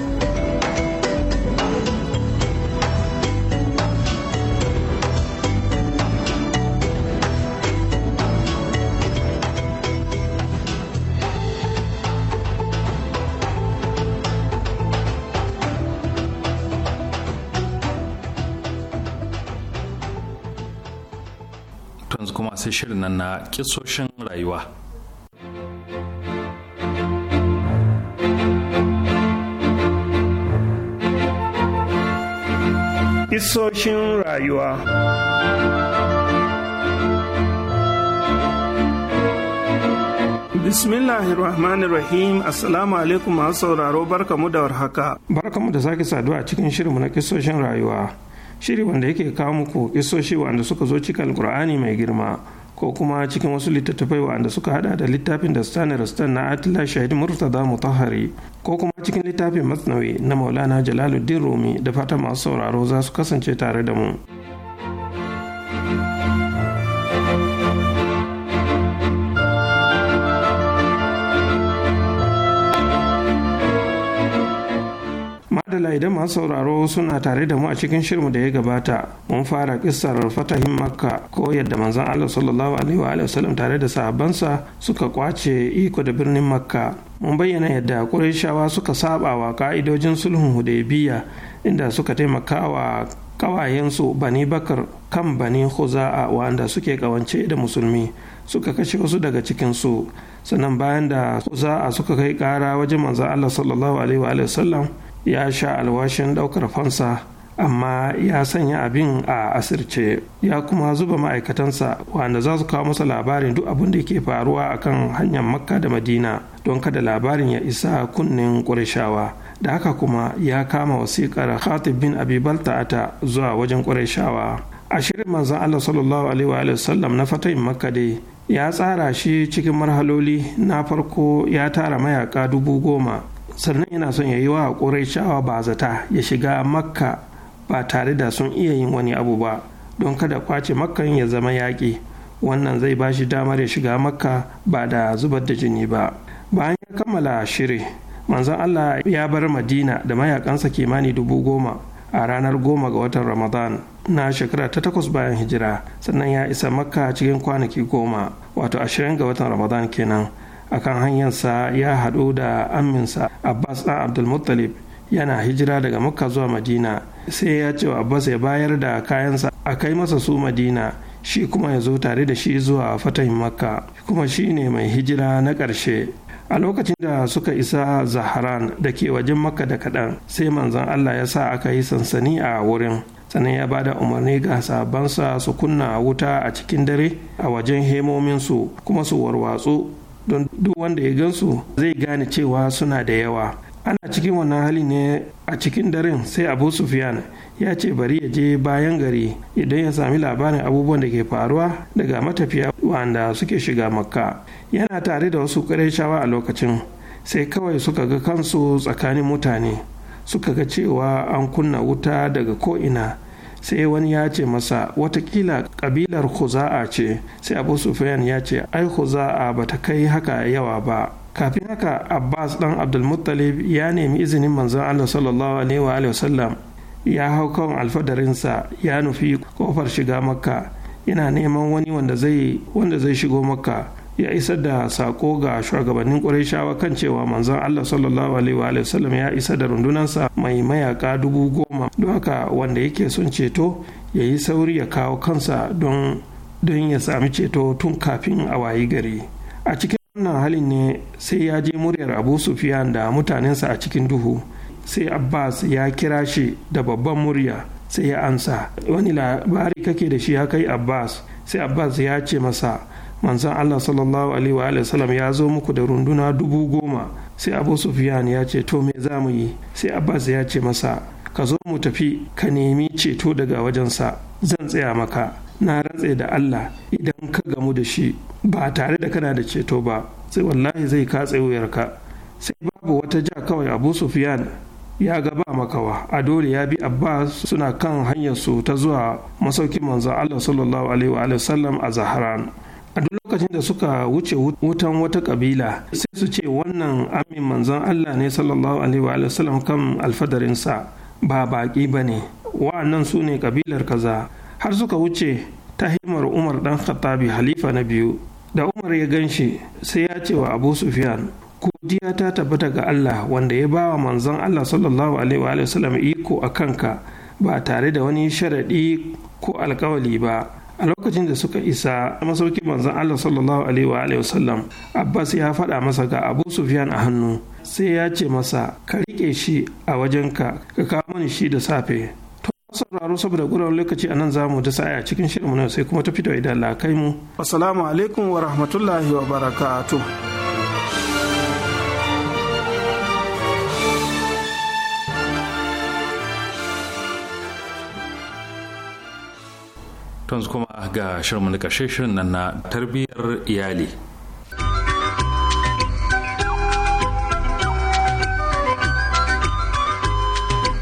S1: shirin nan na kisoshin rayuwa.
S11: Kisoshin rayuwa Bismillahir Rahmanir Rahim Assalamu alaikum masu sauraro barkamu da warhaka. Barkamu da sake saduwa a cikin shirinmu na kisoshin rayuwa. Shiri wanda yake kawo muku kisoshi wanda suka zo cikin Qur'ani mai girma ko kuma cikin wasu littattafai wanda suka hada da littafin da stani rastan na atila shahid murtada mutahari ko kuma cikin littafin masnawi na maulana jalaluddin rumi da fata masu sauraro za su kasance tare da mu. Adala idan masu sauraro suna tare da mu a cikin shirmu da ya gabata mun fara kissar fatahin makka ko yadda manzon Allah sallallahu alaihi wa wasallam tare da sahabbansa suka kwace iko da birnin makka mun bayyana yadda Qurayshawa suka saba wa ka'idojin sulhun Hudaybiya inda suka taimaka wa kawayensu Bani Bakar kan Bani Khuza'a wanda suke kawance da musulmi suka kashe wasu daga cikin su sannan bayan da Khuza'a suka kai kara wajen manzan Allah sallallahu alaihi wa sallam ya sha alwashin ɗaukar fansa amma ya sanya abin a asirce ya kuma zuba ma'aikatansa wanda za su kawo masa labarin duk abin da ke faruwa a kan hanyar makka da madina don kada labarin ya isa kunnen ƙurashawa da haka kuma ya kama wasiƙar khatib bin abi balta'ata zuwa wajen ƙurashawa a shirin manzon allah sallallahu alaihi wa sallam na fatayin makka dai ya tsara shi cikin marhaloli na farko ya tara mayaka dubu goma sannan yana son ya yi wa ƙuraishawa ba zata ya shiga makka ba tare da sun iya yin wani abu ba don kada kwace makkan ya zama yaƙi wannan zai ba shi damar ya shiga makka ba da zubar da jini ba bayan ya kammala shiri manzon allah ya bar madina da mayakansa kimani dubu goma a ranar goma ga watan ramadan na shekara ta takwas bayan hijira sannan ya isa makka cikin kwanaki goma wato ashirin ga watan ramadan kenan akan hanyarsa ya haɗu da aminsa abbas ɗan abdulmuttalib yana hijira daga makka zuwa madina sai ya ce wa abbas ya bayar da kayansa a kai masa su madina shi kuma ya zo tare da shi zuwa fatahin makka kuma shi ne mai hijira na karshe. a lokacin da suka isa zaharan da ke wajen makka da kaɗan sai manzon allah ya sa aka yi sansani a wurin sannan ya bada umarni ga sabansa su kunna wuta a cikin dare a wajen hemominsu kuma su warwatsu don duk wanda ya gansu zai gane cewa suna da yawa ana cikin wannan hali ne a cikin daren sai abu sufyan ya ce bari ya je bayan gari idan ya sami labarin abubuwan da ke faruwa daga matafiya wanda suke shiga makka yana tare da wasu shawa a lokacin sai kawai suka ga kansu tsakanin mutane suka ga cewa an kunna wuta daga ko'ina sai wani ya ce masa watakila kabilar huza'a ce sai abu sufyan ya ce ai huza'a ba ta kai haka yawa ba kafin haka abbas dan abdulmuttalib ya nemi izinin manzon allah sallallahu alaihi wa sallam ya hau kan alfadarinsa ya nufi kofar shiga makka yana neman wani wanda zai wanda zai shigo makka ya isar da sako ga shugabannin shawa kan cewa manzon Allah sallallahu alaihi wa sallam ya isa da rundunansa mai mayaka dubu goma don haka wanda yake son ceto ya yi sauri ya kawo kansa don ya sami ceto tun kafin a wayi gari a cikin wannan halin ne sai ya je muryar abu sufiyan da mutanensa a cikin duhu sai abbas ya kira shi da babban murya sai ya ansa. wani labari kake da shi ya kai abbas sai abbas ya ce masa manzan Allah sallallahu alaihi wa sallam ya zo muku da runduna dubu goma sai Abu Sufyan ya ce to me za mu yi sai Abbas ya ce masa ka zo mu tafi ka nemi ceto daga wajensa zan tsaya maka na rantse da Allah idan ka gamu da shi ba tare da kana da ceto ba sai wallahi zai katse wuyarka sai babu wata ja kawai Abu Sufyan ya gaba makawa a dole ya bi abbas suna kan hanyarsu ta zuwa masaukin manzo allah sallallahu alaihi wa sallam a zaharan a duk lokacin da suka wuce wutan wata kabila sai su ce wannan amin manzon Allah ne sallallahu alaihi wa sallam kan alfadarinsa ba baƙi ba ne wa'annan su ne kabilar kaza har suka wuce ta himar umar dan khattabi halifa na biyu da umar ya gan shi sai ya ce wa abu sufiyan godiya ta tabbata ga allah wanda ya bawa manzon allah sallallahu alaihi wa sallam iko a kanka ba tare da wani sharaɗi ko alkawali ba a lokacin da suka isa masauki manzon Allah sallallahu alaihi wa wasallam Abbas ya faɗa masa ga Abu Sufyan a hannu sai ya ce masa ka riƙe shi a wajenka ka kawo mani shi da safe to sauraro saboda gudun lokaci anan nan za mu dasa sa'a cikin shirin na sai kuma ta fito idan la kai mu assalamu alaikum wa rahmatullahi wa barakatuh
S1: yanzu kuma ga shirin na karshe shirin nan na tarbiyyar iyali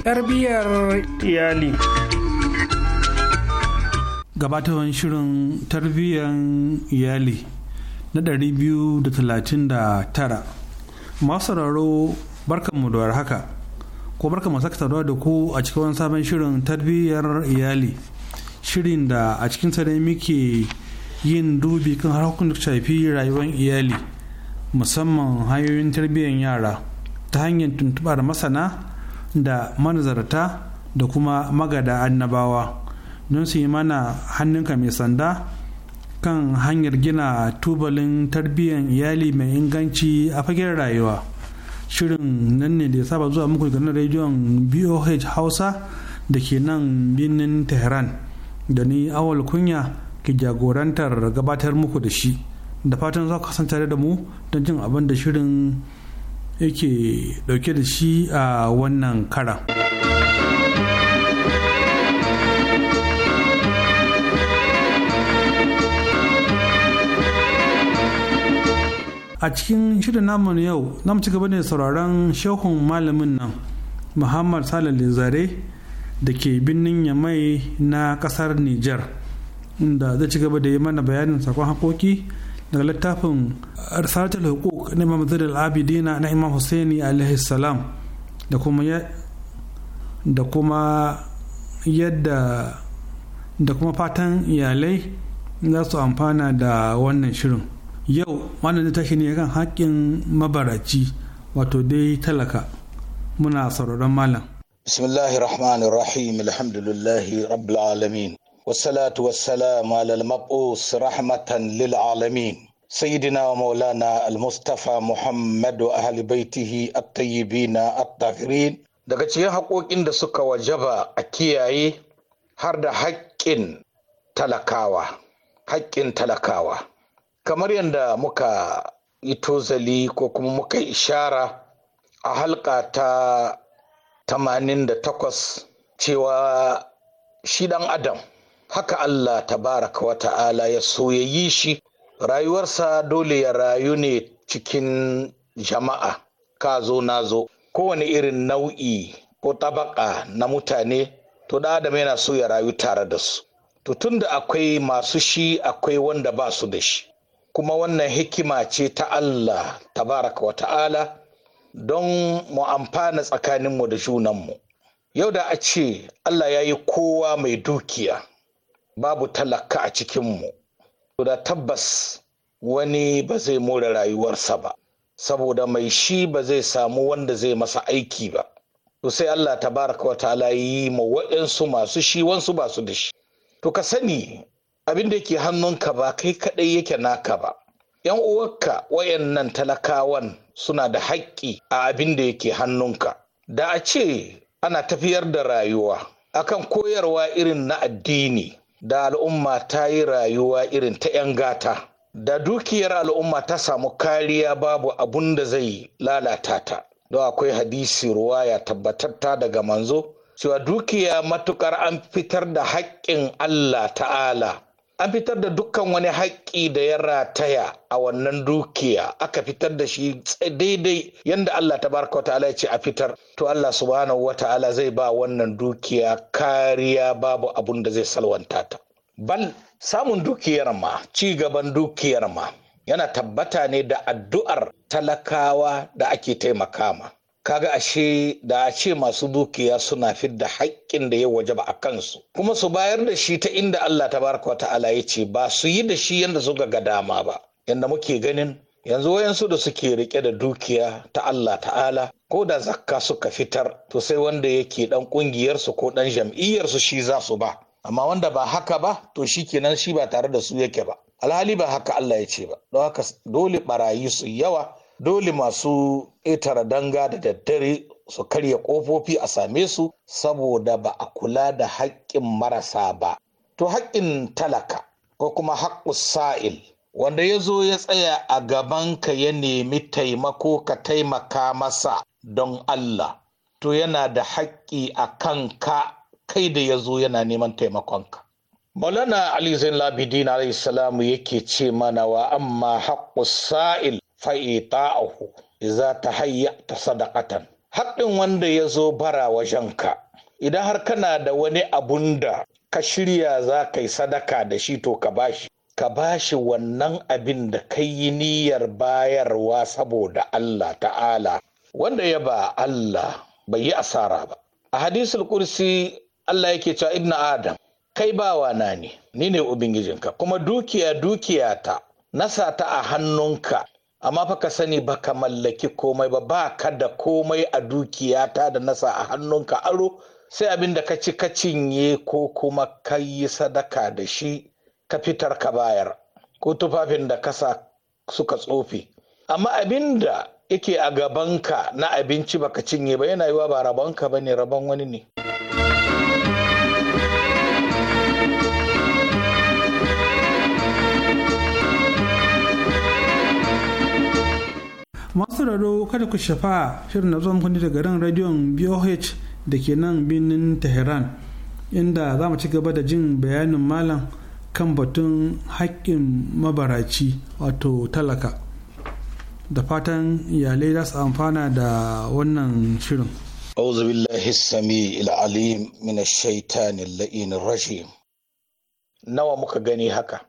S12: tarbiyyar iyali gabatawan shirin tarbiyyar iyali na 239 masu raro barkanmu da haka ko barkanmu saka saduwa da ku a cikin sabon shirin tarbiyyar iyali shirin da a cikin ne muke yin dubi kan har shafi rayuwar iyali musamman hanyoyin tarbiyyar yara ta hanyar tuntubar masana da manazarta da kuma magada annabawa don su yi mana hannunka mai sanda kan hanyar gina tubalin tarbiyyar iyali mai inganci a fagen rayuwa shirin nan ne da ya saba zuwa muku ganin rediyon boh hausa da ke nan birnin tehran da ni awal kunya ke jagorantar gabatar muku da shi da fatan za ku kasance da mu don jin abin da shirin yake dauke da shi a wannan karan. a cikin shirin namun yau na ci gaba ne sauraron shehun malamin nan muhammad salalin zare da ke birnin yamai na kasar niger inda zai ci gaba da yi mana bayanin sakon hakoki daga littafin risalatul hukuk na imam zaid al-abidina na imam husaini alaihi da kuma yadda da kuma fatan iyalai za su amfana da wannan shirin yau wannan da tashi ne kan haƙƙin mabaraci wato dai talaka muna sauraron malam
S10: بسم الله الرحمن الرحيم الحمد لله رب العالمين والصلاة والسلام على المبعوث رحمة للعالمين سيدنا ومولانا المصطفى محمد وأهل بيته الطيبين الطاهرين daga cikin haƙoƙin da suka wajaba a kiyaye har da haƙƙin talakawa haƙƙin talakawa kamar yadda muka yi tozali ko kuma muka ishara a halka ta 88 cewa shi ɗan adam haka Allah tabaraka wa ta'ala ya soyayi shi rayuwarsa dole ya rayu ne cikin jama'a ka zo na zo kowane irin nau'i ko tabaka na mutane to da adam yana so ya rayu tare da su to tun da akwai masu shi akwai wanda ba su da shi kuma wannan hikima ce ta Allah tabaraka wa ta'ala don mu amfana tsakaninmu da junanmu yau da a ce allah ya yi kowa mai dukiya babu talaka a cikinmu To da tabbas wani ba zai more rayuwarsa ba saboda mai shi ba zai samu wanda zai masa aiki ba to sai allah ta wa ta'ala yi ma waɗansu masu shi wansu ba su da shi to ka sani abin da ke hannunka ba kai kaɗai yake naka ba yan uwarka wayannan talakawan suna da haƙƙi a abin da yake hannunka da a ce ana tafiyar da rayuwa akan koyarwa irin na addini da al'umma ta yi rayuwa irin ta 'yan gata da dukiyar al'umma ta samu kariya babu abun da zai lalata ta don akwai hadisi ruwaya tabbatatta daga manzo cewa dukiya matukar an fitar da haƙƙin allah ta'ala an fitar da dukkan wani haƙƙi da ya rataya a wannan dukiya aka fitar da shi daidai yadda Allah ta baraka wa ta'ala ya ce a fitar to Allah subhanahu wa ta'ala zai ba wannan dukiya kariya babu abun da zai salwanta ta Bal samun dukiyar ma ci gaban dukiyar ma yana tabbata ne da addu'ar talakawa da ake taimaka ma kaga ashe da a ce masu dukiya suna da haƙƙin da ya waje ba a kansu kuma su bayar da shi ta inda Allah Ta wa ta'ala ya ce ba su yi da shi yanda suka ga dama ba yanda muke ganin yanzu wayansu da suke rike da dukiya ta Allah ta'ala ko da zakka suka fitar to sai wanda yake dan ƙungiyarsu ko dan jam'iyyarsu shi za su ba amma wanda ba haka ba to shi kenan shi ba tare da su yake ba alhali ba haka Allah ya ce ba don haka dole barayi su yawa dole masu ƙetare danga da daddare su karya ƙofofi a same su saboda ba a kula da haƙƙin marasa ba to haƙƙin talaka ko kuma haƙƙu sa'il wanda ya zo ya tsaya a gaban ka ya nemi taimako ka taimaka masa don Allah to yana da haƙƙi a kanka kai da ya zo yana neman taimakonka Maulana Ali Zain Labidin alayhi salamu yake ce mana wa amma haƙƙu sa'il fa'ita'ahu za ta hayya ta sadaqatan Haɗin wanda ya zo bara wajenka idan har kana da wani abun da ka shirya za ka yi sadaka da shi to ka bashi ka bashi wannan abin da ka yi niyyar bayarwa saboda Allah ta'ala wanda ya ba Allah bai yi asara ba a hadisul kursi Allah yake cewa ibna adam kai bawa na ne ni ne ubangijinka kuma dukiya dukiya dukiyata nasa ta a hannunka amma fa ka sani ba ka mallaki komai ba ba ka da komai a dukiyata da nasa a hannunka aro sai abin da ka ci ka cinye ko kuma ka yi sadaka da shi ka fitar ka bayar ko tufafin da kasa suka tsofi amma abin da yake a gabanka na abinci baka cinye ba yana yiwa ba rabonka ba ne rabon wani ne.
S12: masu raro kada ku shafa shirin na zuwa kundi daga ran radiyon boh da ke nan birnin tehran inda za mu ci gaba da jin bayanin malam kan batun haƙƙin mabaraci wato talaka da fatan iyalai za su amfana da wannan shirin
S10: أعوذ بالله السميع العليم من الشيطان اللئين الرجيم nawa muka gani haka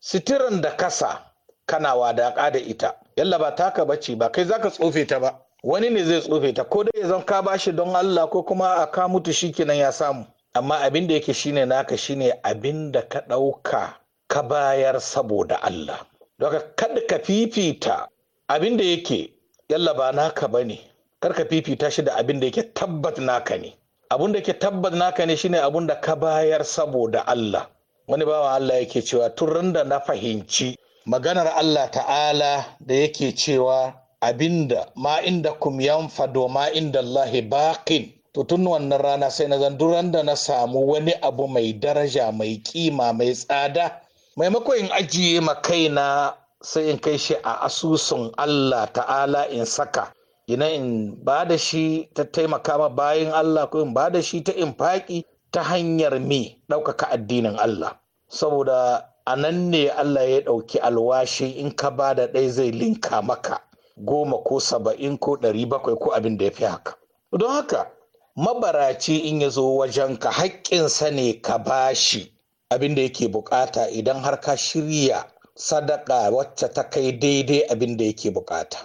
S12: sitiran
S10: da kasa kana wadaƙa da ita yalla ba taka bacci ba kai zaka tsofe ta ba wani ne zai tsofe ta ko dai zan ka bashi don Allah ko kuma a ka mutu shikenan ya samu amma abin da yake shine naka shine abin da ka ɗauka ka bayar saboda Allah daga kada ka fifita abin da yake yalla ba naka bane kar ka fifita shi da abin da yake tabbat naka ne abin da yake tabbat naka ne shine abin da ka bayar saboda Allah wani bawan Allah yake cewa tun da na fahimci maganar Allah ta'ala da yake cewa abinda ma inda kum yanfado ma inda Allah baqin to tun wannan rana sai na zan duran da na samu wani abu mai daraja mai kima mai tsada maimakon in ajiye ma kaina sai in kai shi a asusun Allah ta'ala in saka ina in ba da shi ta taimaka ma bayan Allah ko in ba da shi ta infaki ta hanyar me ɗaukaka addinin Allah saboda a nan ne Allah ya ɗauki alwashi in ka ba da ɗaya zai linka maka goma ko saba'in ko ɗari bakwai ko abin da ya fi haka. Don haka mabaraci in ya zo wajen wajenka haƙƙinsa ne ka ba shi abin da yake buƙata idan har ka shirya sadaka wacce ta kai daidai abin da yake buƙata.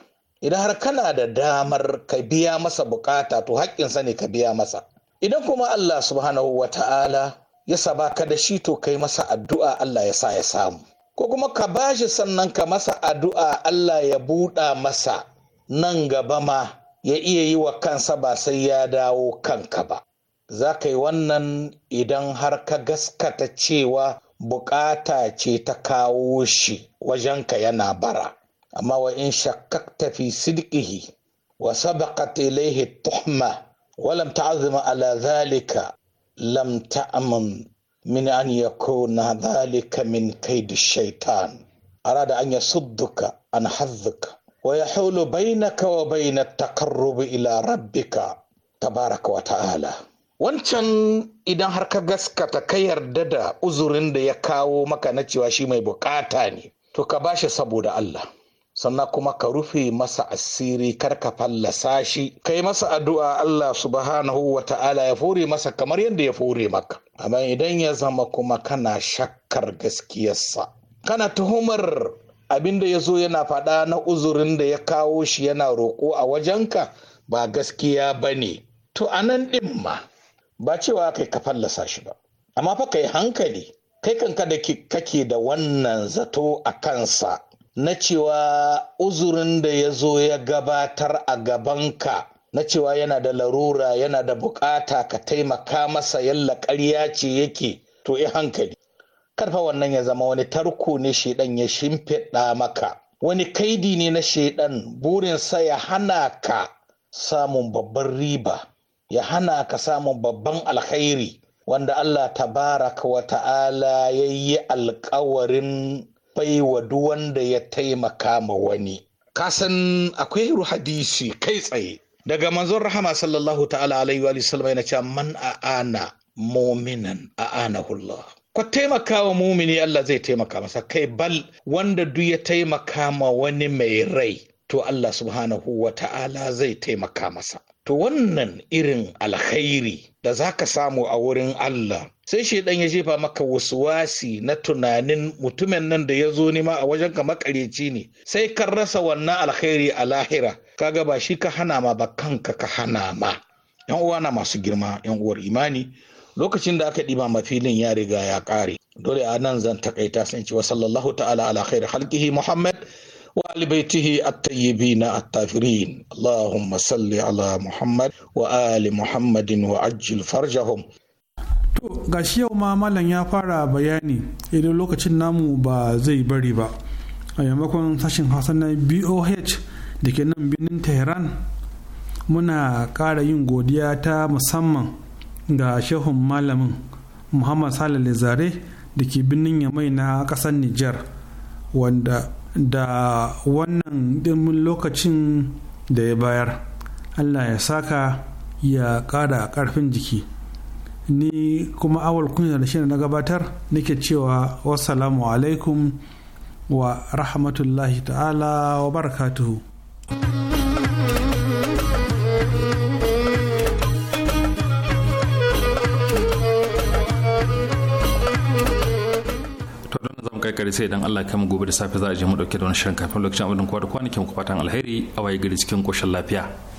S10: Idan har kana da damar ka biya masa bukata to haƙƙinsa ne ka biya masa. Idan kuma Allah subhanahu wa ta'ala ya saba ka da shi to kai masa addu'a Allah ya sa ya samu ko kuma ka bashi sannan ka masa addu'a Allah ya buɗa masa nan gaba ma ya iya yi wa kansa ba sai ya dawo kanka ba za ka yi wannan idan har ka gaskata cewa bukata ce ta kawo shi wajenka yana bara amma wa in shakkakta fi sidqihi wa sabaqat ilayhi tuhma wa lam ta'zima ala lam ta'amun min an na zalika min da shaitan da an sudduka, an hazzika wa yahulu bainaka wa baina takarrubi ila rabbika tabaraka wa ta'ala wancan idan har ka gaskata ka yarda da uzurin da ya kawo maka na cewa shi mai bukata ne to ka bashi saboda Allah sannan kuma ka rufe masa asiri kar ka fallasa shi kai masa addu'a Allah subhanahu wa ta'ala ya fure masa kamar yadda ya fure maka amma idan ya zama kuma kana shakkar gaskiyarsa kana tuhumar abin da ya zo yana faɗa na uzurin da ya kawo shi yana roƙo a wajenka ba gaskiya ba ne to a nan ɗin ma ba cewa kai ka fallasa shi ba amma fa kai hankali kai kanka da kake da wannan zato a kansa na cewa uzurin da ya zo ya gabatar a gabanka na cewa yana da larura yana da bukata ka taimaka masa yalla ƙarya ce yake to yi hankali karfa wannan ya zama wani tarko ne shaidan ya shimfiɗa maka wani kaidi ne na shaidan sa ya hana ka samun babban riba ya hana ka samun babban alkhairi wanda Allah tabaraka wa ta'ala ya yi alkawarin wa wa wanda ya taimaka ma wani kasan akwai hadisi kai tsaye daga manzon rahama sallallahu ta'ala alaihi wa sallam yana cewa man a'ana muminan a'anahu Allah Ko taimaka wa mumini Allah zai taimaka masa kai bal wanda du ya taimaka ma wani mai rai to Allah subhanahu wa ta'ala zai taimaka masa to wannan irin alkhairi da za ka samu a wurin Allah sai shaidan ya jefa maka wasu wasi na tunanin mutumin nan da ya zo nema a wajen ka makareci ne sai ka rasa wannan alkhairi a lahira kaga ba shi ka hana ma ba kanka ka hana ma yan uwa na masu girma yan uwar imani lokacin da aka ɗiba ma filin ya riga ya ƙare dole a nan zan takaita sun cewa sallallahu ta'ala ala khairi halkihi muhammad at-tafirin allahumma salli ala muhammad wa ali muhammadin wa ajil farjahum
S12: To ga shi yau ma malam ya fara bayani idan lokacin namu ba zai bari ba. A yammakon sashen Hausa na BOH da ke nan birnin Tehran muna ƙara yin godiya ta musamman ga shehun malamin Muhammad Salale Zare da ke birnin Yamai na ƙasar Nijar wanda da wannan ɗimin lokacin da ya bayar. Allah ya saka ya ƙara ƙarfin jiki. ni kuma awal kunya da shi na gabatar nake cewa wassalamu alaikum wa rahmatullahi ta'ala wa barakatuhu
S1: kari sai idan Allah mu gobe da safe za a je mu dauke da wani shirin kafin lokacin abin da kwanakin ku fatan alheri a waye gari cikin koshin lafiya